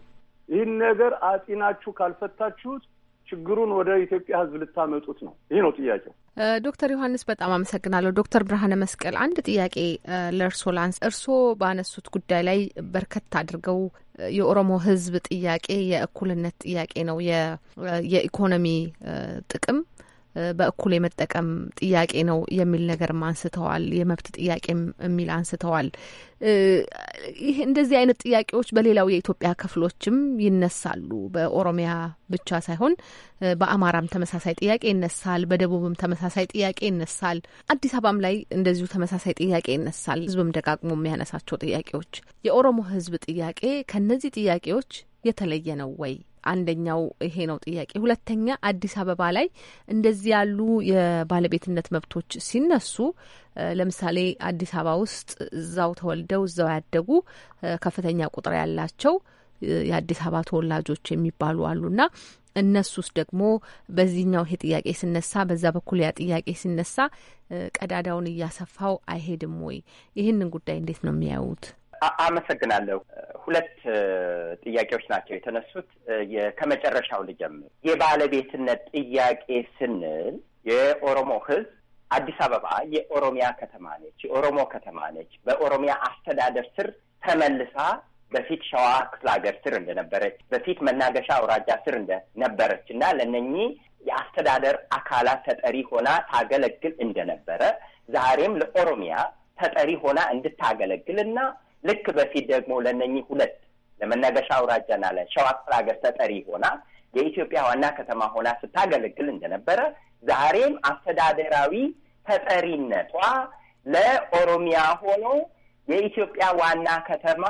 ይህን ነገር አጢናችሁ ካልፈታችሁት ችግሩን ወደ ኢትዮጵያ ሕዝብ ልታመጡት ነው? ይህ ነው ጥያቄው። ዶክተር ዮሐንስ በጣም አመሰግናለሁ። ዶክተር ብርሃነ መስቀል አንድ ጥያቄ ለእርሶ ላንስ። እርሶ ባነሱት ጉዳይ ላይ በርከት አድርገው የኦሮሞ ሕዝብ ጥያቄ የእኩልነት ጥያቄ ነው፣ የኢኮኖሚ ጥቅም በእኩል የመጠቀም ጥያቄ ነው የሚል ነገርም አንስተዋል። የመብት ጥያቄም የሚል አንስተዋል። ይህ እንደዚህ አይነት ጥያቄዎች በሌላው የኢትዮጵያ ክፍሎችም ይነሳሉ። በኦሮሚያ ብቻ ሳይሆን በአማራም ተመሳሳይ ጥያቄ ይነሳል። በደቡብም ተመሳሳይ ጥያቄ ይነሳል። አዲስ አበባም ላይ እንደዚሁ ተመሳሳይ ጥያቄ ይነሳል። ህዝብም ደጋግሞ የሚያነሳቸው ጥያቄዎች የኦሮሞ ህዝብ ጥያቄ ከነዚህ ጥያቄዎች የተለየ ነው ወይ አንደኛው ይሄ ነው ጥያቄ። ሁለተኛ አዲስ አበባ ላይ እንደዚህ ያሉ የባለቤትነት መብቶች ሲነሱ ለምሳሌ አዲስ አበባ ውስጥ እዛው ተወልደው እዛው ያደጉ ከፍተኛ ቁጥር ያላቸው የአዲስ አበባ ተወላጆች የሚባሉ አሉና እነሱስ ደግሞ በዚህኛው ይሄ ጥያቄ ሲነሳ በዛ በኩል ያ ጥያቄ ሲነሳ ቀዳዳውን እያሰፋው አይሄድም ወይ? ይህንን ጉዳይ እንዴት ነው የሚያዩት? አመሰግናለሁ። ሁለት ጥያቄዎች ናቸው የተነሱት። ከመጨረሻው ልጀምር። የባለቤትነት ጥያቄ ስንል የኦሮሞ ህዝብ አዲስ አበባ የኦሮሚያ ከተማ ነች፣ የኦሮሞ ከተማ ነች። በኦሮሚያ አስተዳደር ስር ተመልሳ በፊት ሸዋ ክፍለ ሀገር ስር እንደነበረች በፊት መናገሻ አውራጃ ስር እንደነበረች እና ለእነኚህ የአስተዳደር አካላት ተጠሪ ሆና ታገለግል እንደነበረ ዛሬም ለኦሮሚያ ተጠሪ ሆና እንድታገለግል እና ልክ በፊት ደግሞ ለእነኚህ ሁለት ለመናገሻ አውራጃና ለሸዋ ክፍለ ሀገር ተጠሪ ሆና የኢትዮጵያ ዋና ከተማ ሆና ስታገለግል እንደነበረ ዛሬም አስተዳደራዊ ተጠሪነቷ ለኦሮሚያ ሆኖ የኢትዮጵያ ዋና ከተማ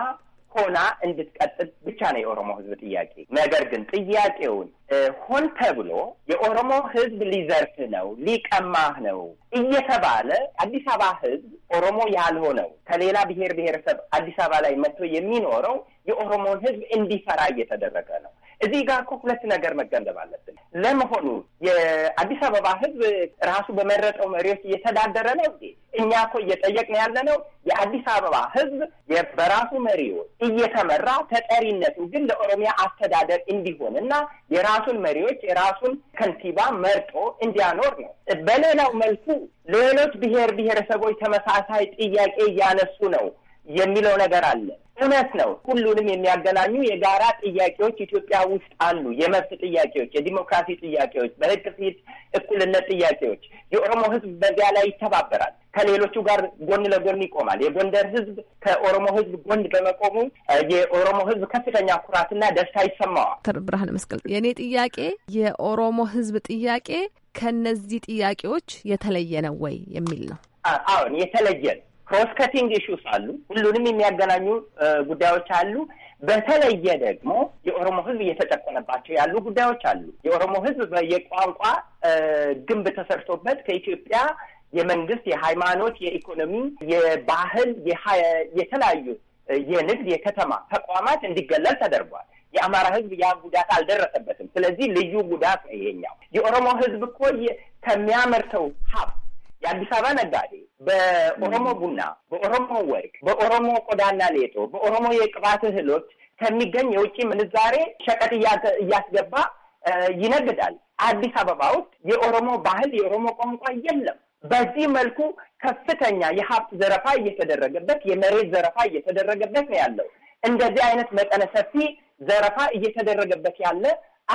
ሆና እንድትቀጥል ብቻ ነው የኦሮሞ ህዝብ ጥያቄ። ነገር ግን ጥያቄውን ሆን ተብሎ የኦሮሞ ህዝብ ሊዘርፍ ነው ሊቀማህ ነው እየተባለ አዲስ አበባ ህዝብ ኦሮሞ ያልሆነው ከሌላ ብሔር ብሔረሰብ አዲስ አበባ ላይ መጥቶ የሚኖረው የኦሮሞን ህዝብ እንዲፈራ እየተደረገ ነው። እዚህ ጋር እኮ ሁለት ነገር መገንዘብ አለብን። ለመሆኑ የአዲስ አበባ ህዝብ ራሱ በመረጠው መሪዎች እየተዳደረ ነው እኛ እኮ እየጠየቅን ያለ ነው የአዲስ አበባ ህዝብ በራሱ መሪዎች እየተመራ ተጠሪነቱ ግን ለኦሮሚያ አስተዳደር እንዲሆን እና የራሱን መሪዎች የራሱን ከንቲባ መርጦ እንዲያኖር ነው። በሌላው መልኩ ሌሎች ብሔር ብሔረሰቦች ተመሳሳይ ጥያቄ እያነሱ ነው የሚለው ነገር አለ። እውነት ነው። ሁሉንም የሚያገናኙ የጋራ ጥያቄዎች ኢትዮጵያ ውስጥ አሉ። የመብት ጥያቄዎች፣ የዲሞክራሲ ጥያቄዎች፣ በሕግ ፊት እኩልነት ጥያቄዎች። የኦሮሞ ህዝብ በዚያ ላይ ይተባበራል፣ ከሌሎቹ ጋር ጎን ለጎን ይቆማል። የጎንደር ህዝብ ከኦሮሞ ህዝብ ጎን በመቆሙ የኦሮሞ ህዝብ ከፍተኛ ኩራትና ደስታ ይሰማዋል። ዶክተር ብርሃን መስቀል፣ የእኔ ጥያቄ የኦሮሞ ህዝብ ጥያቄ ከነዚህ ጥያቄዎች የተለየ ነው ወይ የሚል ነው። አሁን የተለየ ነው። ክሮስ ከቲንግ ኢሹስ አሉ። ሁሉንም የሚያገናኙ ጉዳዮች አሉ። በተለየ ደግሞ የኦሮሞ ሕዝብ እየተጨቆነባቸው ያሉ ጉዳዮች አሉ። የኦሮሞ ሕዝብ የቋንቋ ግንብ ተሰርቶበት ከኢትዮጵያ የመንግስት፣ የሃይማኖት፣ የኢኮኖሚ፣ የባህል፣ የተለያዩ የንግድ፣ የከተማ ተቋማት እንዲገለል ተደርጓል። የአማራ ህዝብ ያ ጉዳት አልደረሰበትም። ስለዚህ ልዩ ጉዳት ነው ይሄኛው። የኦሮሞ ህዝብ እኮ ከሚያመርተው ሀብት የአዲስ አበባ ነጋዴ በኦሮሞ ቡና፣ በኦሮሞ ወርቅ፣ በኦሮሞ ቆዳና ሌጦ፣ በኦሮሞ የቅባት እህሎች ከሚገኝ የውጭ ምንዛሬ ሸቀጥ እያስገባ ይነግዳል። አዲስ አበባ ውስጥ የኦሮሞ ባህል የኦሮሞ ቋንቋ የለም። በዚህ መልኩ ከፍተኛ የሀብት ዘረፋ እየተደረገበት የመሬት ዘረፋ እየተደረገበት ነው ያለው። እንደዚህ አይነት መጠነ ሰፊ ዘረፋ እየተደረገበት ያለ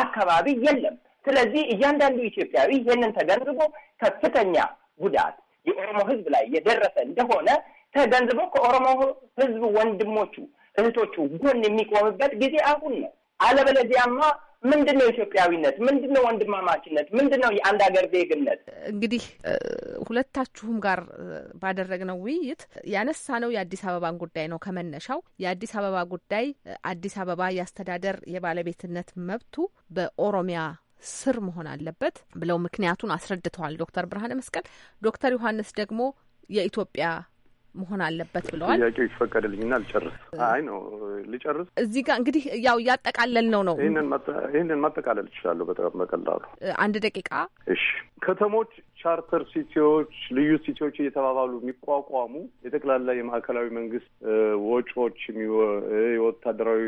አካባቢ የለም። ስለዚህ እያንዳንዱ ኢትዮጵያዊ ይህንን ተገንዝቦ ከፍተኛ ጉዳት የኦሮሞ ህዝብ ላይ የደረሰ እንደሆነ ተገንዝቦ ከኦሮሞ ህዝብ ወንድሞቹ እህቶቹ ጎን የሚቆምበት ጊዜ አሁን ነው። አለበለዚያማ ምንድን ነው ኢትዮጵያዊነት? ምንድን ነው ወንድማማችነት? ምንድን ነው የአንድ ሀገር ዜግነት? እንግዲህ ሁለታችሁም ጋር ባደረግነው ውይይት ያነሳ ነው የአዲስ አበባን ጉዳይ ነው ከመነሻው። የአዲስ አበባ ጉዳይ አዲስ አበባ የአስተዳደር የባለቤትነት መብቱ በኦሮሚያ ስር መሆን አለበት ብለው ምክንያቱን አስረድተዋል ዶክተር ብርሃነ መስቀል። ዶክተር ዮሐንስ ደግሞ የኢትዮጵያ መሆን አለበት ብለዋል። ጥያቄው ይፈቀድልኝና ልጨርስ። አይ ነው ልጨርስ። እዚህ ጋር እንግዲህ ያው እያጠቃለል ነው ነው ይህንን ማጠቃለል እችላለሁ በጣም በቀላሉ አንድ ደቂቃ። እሺ ከተሞች ቻርተር ሲቲዎች፣ ልዩ ሲቲዎች እየተባባሉ የሚቋቋሙ የጠቅላላ የማዕከላዊ መንግስት ወጪዎች፣ የወታደራዊ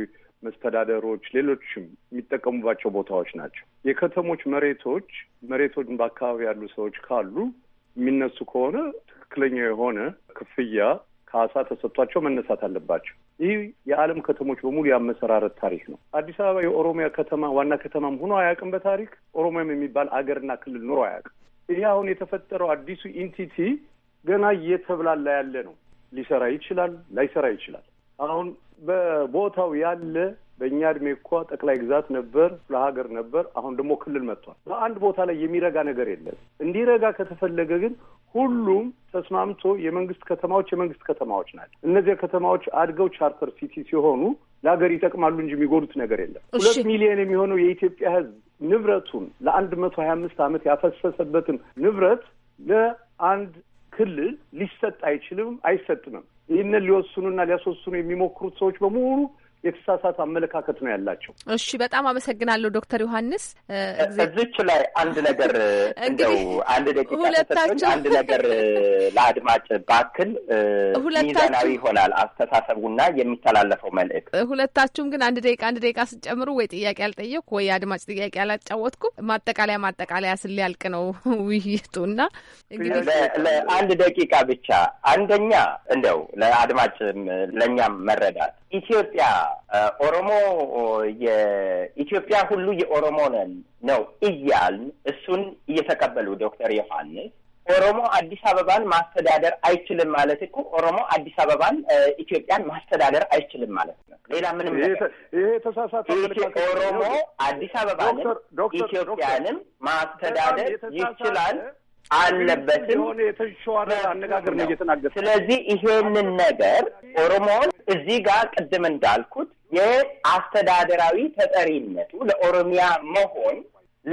መስተዳደሮች፣ ሌሎችም የሚጠቀሙባቸው ቦታዎች ናቸው። የከተሞች መሬቶች መሬቶች በአካባቢ ያሉ ሰዎች ካሉ የሚነሱ ከሆነ ትክክለኛ የሆነ ክፍያ ካሳ ተሰጥቷቸው መነሳት አለባቸው። ይህ የዓለም ከተሞች በሙሉ የአመሰራረት ታሪክ ነው። አዲስ አበባ የኦሮሚያ ከተማ ዋና ከተማም ሆኖ አያውቅም። በታሪክ ኦሮሚያም የሚባል አገርና ክልል ኑሮ አያውቅም። ይህ አሁን የተፈጠረው አዲሱ ኢንቲቲ ገና እየተብላላ ያለ ነው። ሊሰራ ይችላል፣ ላይሰራ ይችላል። አሁን በቦታው ያለ በእኛ እድሜ እኳ ጠቅላይ ግዛት ነበር፣ ለሀገር ሀገር ነበር። አሁን ደግሞ ክልል መጥቷል። በአንድ ቦታ ላይ የሚረጋ ነገር የለም። እንዲረጋ ከተፈለገ ግን ሁሉም ተስማምቶ የመንግስት ከተማዎች የመንግስት ከተማዎች ናቸው። እነዚያ ከተማዎች አድገው ቻርተር ሲቲ ሲሆኑ ለሀገር ይጠቅማሉ እንጂ የሚጎዱት ነገር የለም። ሁለት ሚሊዮን የሚሆነው የኢትዮጵያ ሕዝብ ንብረቱን ለአንድ መቶ ሀያ አምስት ዓመት ያፈሰሰበትን ንብረት ለአንድ ክልል ሊሰጥ አይችልም፣ አይሰጥምም። ይህንን ሊወስኑና ሊያስወስኑ የሚሞክሩት ሰዎች በሙሉ የተሳሳተ አመለካከት ነው ያላቸው። እሺ፣ በጣም አመሰግናለሁ ዶክተር ዮሐንስ። እዚች ላይ አንድ ነገር እንደው አንድ ደቂቃ ተሰጥቶኝ አንድ ነገር ለአድማጭ ባክል ሚዛናዊ ይሆናል አስተሳሰቡና የሚተላለፈው መልእክት። ሁለታችሁም ግን አንድ ደቂቃ አንድ ደቂቃ ስጨምሩ ወይ ጥያቄ አልጠየቅኩ ወይ አድማጭ ጥያቄ አላጫወትኩም። ማጠቃለያ ማጠቃለያ ስሊያልቅ ነው ውይይቱ እና እንግዲህ ለአንድ ደቂቃ ብቻ አንደኛ እንደው ለአድማጭ ለእኛም መረዳት ኢትዮጵያ ኦሮሞ የኢትዮጵያ ሁሉ የኦሮሞ ነን ነው እያል እሱን እየተቀበሉ ዶክተር ዮሐንስ ኦሮሞ አዲስ አበባን ማስተዳደር አይችልም ማለት እኮ ኦሮሞ አዲስ አበባን ኢትዮጵያን ማስተዳደር አይችልም ማለት ነው። ሌላ ምንም ይሄ ተሳሳተ። ኦሮሞ አዲስ አበባንም ኢትዮጵያንም ማስተዳደር ይችላል። አለበትም። የተሸዋረ አነጋገር ነው እየተናገር። ስለዚህ ይሄንን ነገር ኦሮሞን እዚህ ጋር ቅድም እንዳልኩት የአስተዳደራዊ ተጠሪነቱ ለኦሮሚያ መሆን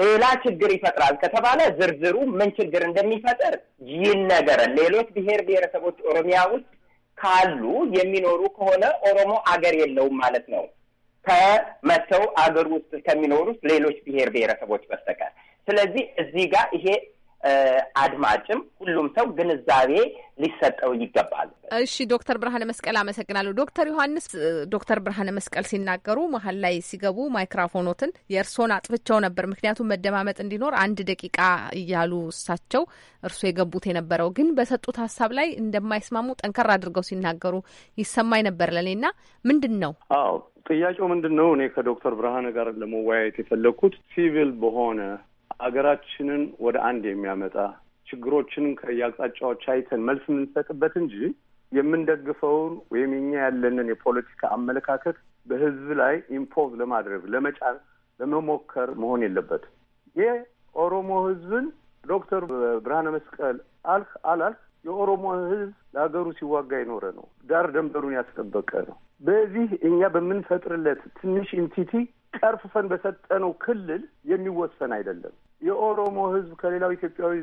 ሌላ ችግር ይፈጥራል ከተባለ ዝርዝሩ ምን ችግር እንደሚፈጥር ይነገረን። ሌሎች ብሔር ብሔረሰቦች ኦሮሚያ ውስጥ ካሉ የሚኖሩ ከሆነ ኦሮሞ አገር የለውም ማለት ነው ከመተው አገር ውስጥ ከሚኖሩት ሌሎች ብሔር ብሔረሰቦች በስተቀር። ስለዚህ እዚህ ጋር ይሄ አድማጭም ሁሉም ሰው ግንዛቤ ሊሰጠው ይገባል። እሺ ዶክተር ብርሃነ መስቀል አመሰግናለሁ። ዶክተር ዮሐንስ ዶክተር ብርሃነ መስቀል ሲናገሩ መሀል ላይ ሲገቡ ማይክራፎኖትን የእርስዎን አጥፍቸው ነበር፣ ምክንያቱም መደማመጥ እንዲኖር አንድ ደቂቃ እያሉ እሳቸው እርሶ የገቡት የነበረው ግን በሰጡት ሀሳብ ላይ እንደማይስማሙ ጠንከር አድርገው ሲናገሩ ይሰማኝ ነበር ና ምንድን ነው አዎ ጥያቄው ምንድን ነው? እኔ ከዶክተር ብርሃነ ጋር ለመወያየት የፈለግኩት ሲቪል በሆነ አገራችንን ወደ አንድ የሚያመጣ ችግሮችን ከየአቅጣጫዎች አይተን መልስ የምንሰጥበት እንጂ የምንደግፈውን ወይም እኛ ያለንን የፖለቲካ አመለካከት በህዝብ ላይ ኢምፖዝ ለማድረግ ለመጫን ለመሞከር መሆን የለበትም። የኦሮሞ ህዝብን ዶክተር ብርሃነ መስቀል አልክ አላልክ የኦሮሞ ህዝብ ለሀገሩ ሲዋጋ የኖረ ነው። ዳር ደንበሩን ያስጠበቀ ነው። በዚህ እኛ በምንፈጥርለት ትንሽ ኢንቲቲ ቀርፍፈን በሰጠነው ክልል የሚወሰን አይደለም። የኦሮሞ ህዝብ ከሌላው ኢትዮጵያዊ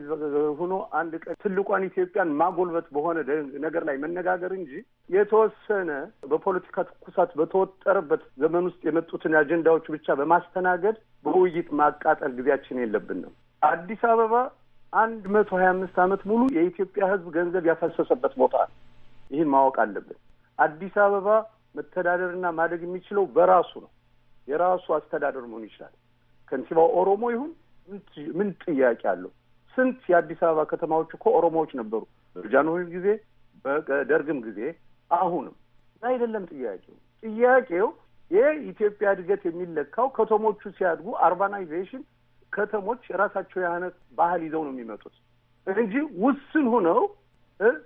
ሆኖ አንድ ቀን ትልቋን ኢትዮጵያን ማጎልበት በሆነ ነገር ላይ መነጋገር እንጂ የተወሰነ በፖለቲካ ትኩሳት በተወጠረበት ዘመን ውስጥ የመጡትን አጀንዳዎች ብቻ በማስተናገድ በውይይት ማቃጠል ጊዜያችን ነው። አዲስ አበባ አንድ መቶ ሀያ አምስት ዓመት ሙሉ የኢትዮጵያ ህዝብ ገንዘብ ያፈሰሰበት ቦታ ነው። ይህን ማወቅ አለብን። አዲስ አበባ መተዳደርና ማደግ የሚችለው በራሱ ነው። የራሱ አስተዳደር መሆን ይችላል። ከንቲባው ኦሮሞ ይሁን ምን ጥያቄ አለው? ስንት የአዲስ አበባ ከተማዎች እኮ ኦሮሞዎች ነበሩ በጃንሆይ ጊዜ፣ በደርግም ጊዜ፣ አሁንም አይደለም ጥያቄው። ጥያቄው የኢትዮጵያ እድገት የሚለካው ከተሞቹ ሲያድጉ አርባናይዜሽን ከተሞች የራሳቸው የሆነ ባህል ይዘው ነው የሚመጡት እንጂ ውስን ሁነው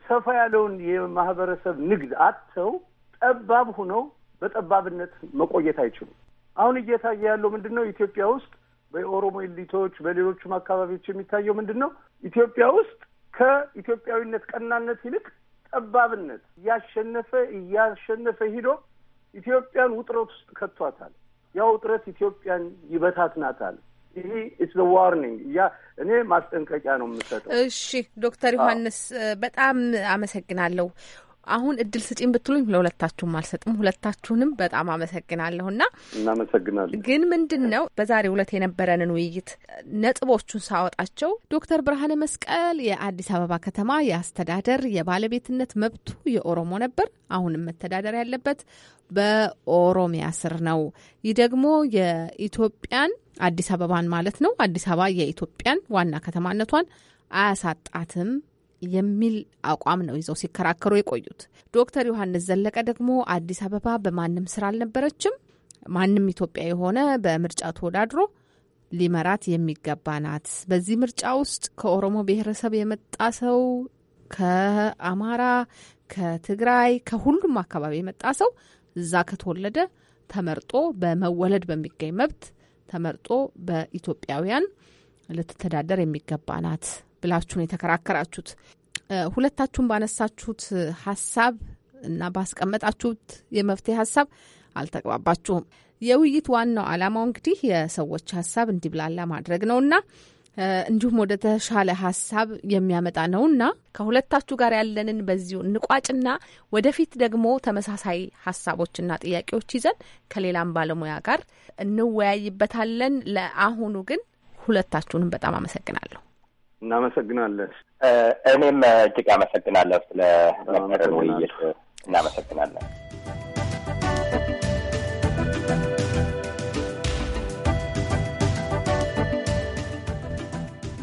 ሰፋ ያለውን የማህበረሰብ ንግድ አጥተው ጠባብ ሁነው በጠባብነት መቆየት አይችሉም። አሁን እየታየ ያለው ምንድን ነው? ኢትዮጵያ ውስጥ በኦሮሞ ኤሊቶች በሌሎቹም አካባቢዎች የሚታየው ምንድን ነው? ኢትዮጵያ ውስጥ ከኢትዮጵያዊነት ቀናነት ይልቅ ጠባብነት እያሸነፈ እያሸነፈ ሂዶ ኢትዮጵያን ውጥረት ውስጥ ከቷታል። ያ ውጥረት ኢትዮጵያን ይበታትናታል። ይሄ ኢትስ ዋርኒንግ ያ እኔ ማስጠንቀቂያ ነው የምሰጠው። እሺ ዶክተር ዮሐንስ በጣም አመሰግናለሁ። አሁን እድል ስጪን ብትሉኝ ለሁለታችሁም አልሰጥም። ሁለታችሁንም በጣም አመሰግናለሁ እና እናመሰግናለን። ግን ምንድን ነው በዛሬ ሁለት የነበረንን ውይይት ነጥቦቹን ሳወጣቸው ዶክተር ብርሃነ መስቀል የአዲስ አበባ ከተማ የአስተዳደር የባለቤትነት መብቱ የኦሮሞ ነበር፣ አሁንም መተዳደር ያለበት በኦሮሚያ ስር ነው። ይህ ደግሞ የኢትዮጵያን አዲስ አበባን ማለት ነው አዲስ አበባ የኢትዮጵያን ዋና ከተማነቷን አያሳጣትም የሚል አቋም ነው ይዘው ሲከራከሩ የቆዩት። ዶክተር ዮሐንስ ዘለቀ ደግሞ አዲስ አበባ በማንም ስራ አልነበረችም፣ ማንም ኢትዮጵያ የሆነ በምርጫ ተወዳድሮ ሊመራት የሚገባ ናት። በዚህ ምርጫ ውስጥ ከኦሮሞ ብሔረሰብ የመጣ ሰው፣ ከአማራ፣ ከትግራይ፣ ከሁሉም አካባቢ የመጣ ሰው እዛ ከተወለደ ተመርጦ በመወለድ በሚገኝ መብት ተመርጦ በኢትዮጵያውያን ልትተዳደር የሚገባ ናት ብላችሁን የተከራከራችሁት ሁለታችሁን ባነሳችሁት ሀሳብ እና ባስቀመጣችሁት የመፍትሄ ሀሳብ አልተግባባችሁም። የውይይት ዋናው ዓላማው እንግዲህ የሰዎች ሀሳብ እንዲብላላ ማድረግ ነውና እንዲሁም ወደ ተሻለ ሀሳብ የሚያመጣ ነውና ከሁለታችሁ ጋር ያለንን በዚሁ እንቋጭና ወደፊት ደግሞ ተመሳሳይ ሀሳቦችና ጥያቄዎች ይዘን ከሌላም ባለሙያ ጋር እንወያይበታለን። ለአሁኑ ግን ሁለታችሁንም በጣም አመሰግናለሁ። እናመሰግናለን። እኔም እጅግ አመሰግናለሁ ስለ ውይይት እናመሰግናለን።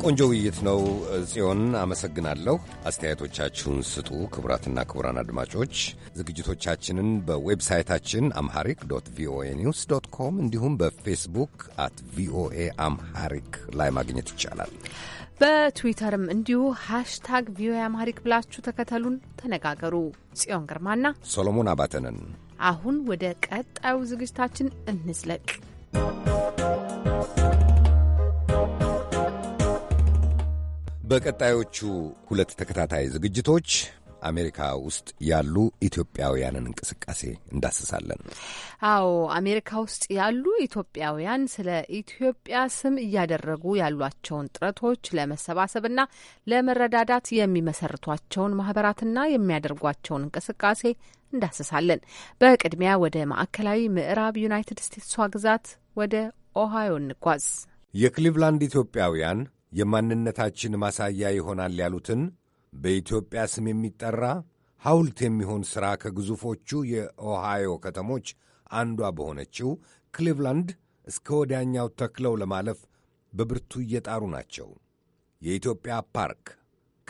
ቆንጆ ውይይት ነው። ጽዮን አመሰግናለሁ። አስተያየቶቻችሁን ስጡ። ክቡራትና ክቡራን አድማጮች ዝግጅቶቻችንን በዌብሳይታችን አምሃሪክ ዶት ቪኦኤ ኒውስ ዶት ኮም እንዲሁም በፌስቡክ አት ቪኦኤ አምሃሪክ ላይ ማግኘት ይቻላል። በትዊተርም እንዲሁ ሃሽታግ ቪኦኤ አማሪክ ብላችሁ ተከተሉን፣ ተነጋገሩ። ጽዮን ግርማና ሶሎሞን አባተንን። አሁን ወደ ቀጣዩ ዝግጅታችን እንዝለቅ። በቀጣዮቹ ሁለት ተከታታይ ዝግጅቶች አሜሪካ ውስጥ ያሉ ኢትዮጵያውያንን እንቅስቃሴ እንዳስሳለን። አዎ፣ አሜሪካ ውስጥ ያሉ ኢትዮጵያውያን ስለ ኢትዮጵያ ስም እያደረጉ ያሏቸውን ጥረቶች ለመሰባሰብና ለመረዳዳት የሚመሰርቷቸውን ማህበራትና የሚያደርጓቸውን እንቅስቃሴ እንዳስሳለን። በቅድሚያ ወደ ማዕከላዊ ምዕራብ ዩናይትድ ስቴትሷ ግዛት ወደ ኦሃዮ እንጓዝ። የክሊቭላንድ ኢትዮጵያውያን የማንነታችን ማሳያ ይሆናል ያሉትን በኢትዮጵያ ስም የሚጠራ ሐውልት የሚሆን ሥራ ከግዙፎቹ የኦሃዮ ከተሞች አንዷ በሆነችው ክሊቭላንድ እስከ ወዲያኛው ተክለው ለማለፍ በብርቱ እየጣሩ ናቸው። የኢትዮጵያ ፓርክ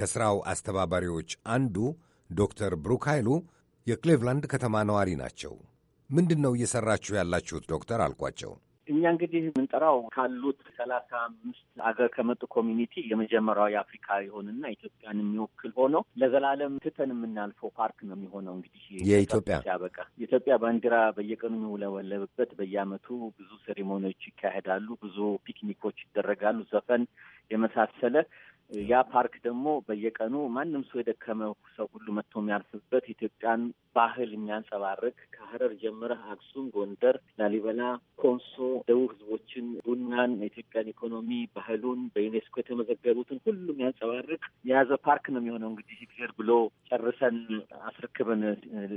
ከሥራው አስተባባሪዎች አንዱ ዶክተር ብሩክ ኃይሉ የክሊቭላንድ ከተማ ነዋሪ ናቸው። ምንድን ነው እየሠራችሁ ያላችሁት ዶክተር አልኳቸው። እኛ እንግዲህ የምንጠራው ካሉት ሰላሳ አምስት አገር ከመጡ ኮሚኒቲ የመጀመሪያው የአፍሪካ የሆንና ኢትዮጵያን የሚወክል ሆኖ ለዘላለም ትተን የምናልፈው ፓርክ ነው የሚሆነው። እንግዲህ የኢትዮጵያ ሲያበቃ የኢትዮጵያ ባንዲራ በየቀኑ የሚውለበለብበት፣ በየአመቱ ብዙ ሴሬሞኒዎች ይካሄዳሉ፣ ብዙ ፒክኒኮች ይደረጋሉ፣ ዘፈን የመሳሰለ ያ ፓርክ ደግሞ በየቀኑ ማንም ሰው የደከመው ሰው ሁሉ መጥቶ የሚያርፍበት ኢትዮጵያን ባህል የሚያንጸባርቅ ከሀረር ጀምረህ አክሱም፣ ጎንደር፣ ላሊበላ፣ ኮንሶ፣ ደቡብ ህዝቦችን፣ ቡናን፣ የኢትዮጵያን ኢኮኖሚ፣ ባህሉን በዩኔስኮ የተመዘገቡትን ሁሉ የሚያንጸባርቅ የያዘ ፓርክ ነው የሚሆነው። እንግዲህ እግዚአብሔር ብሎ ጨርሰን አስረክበን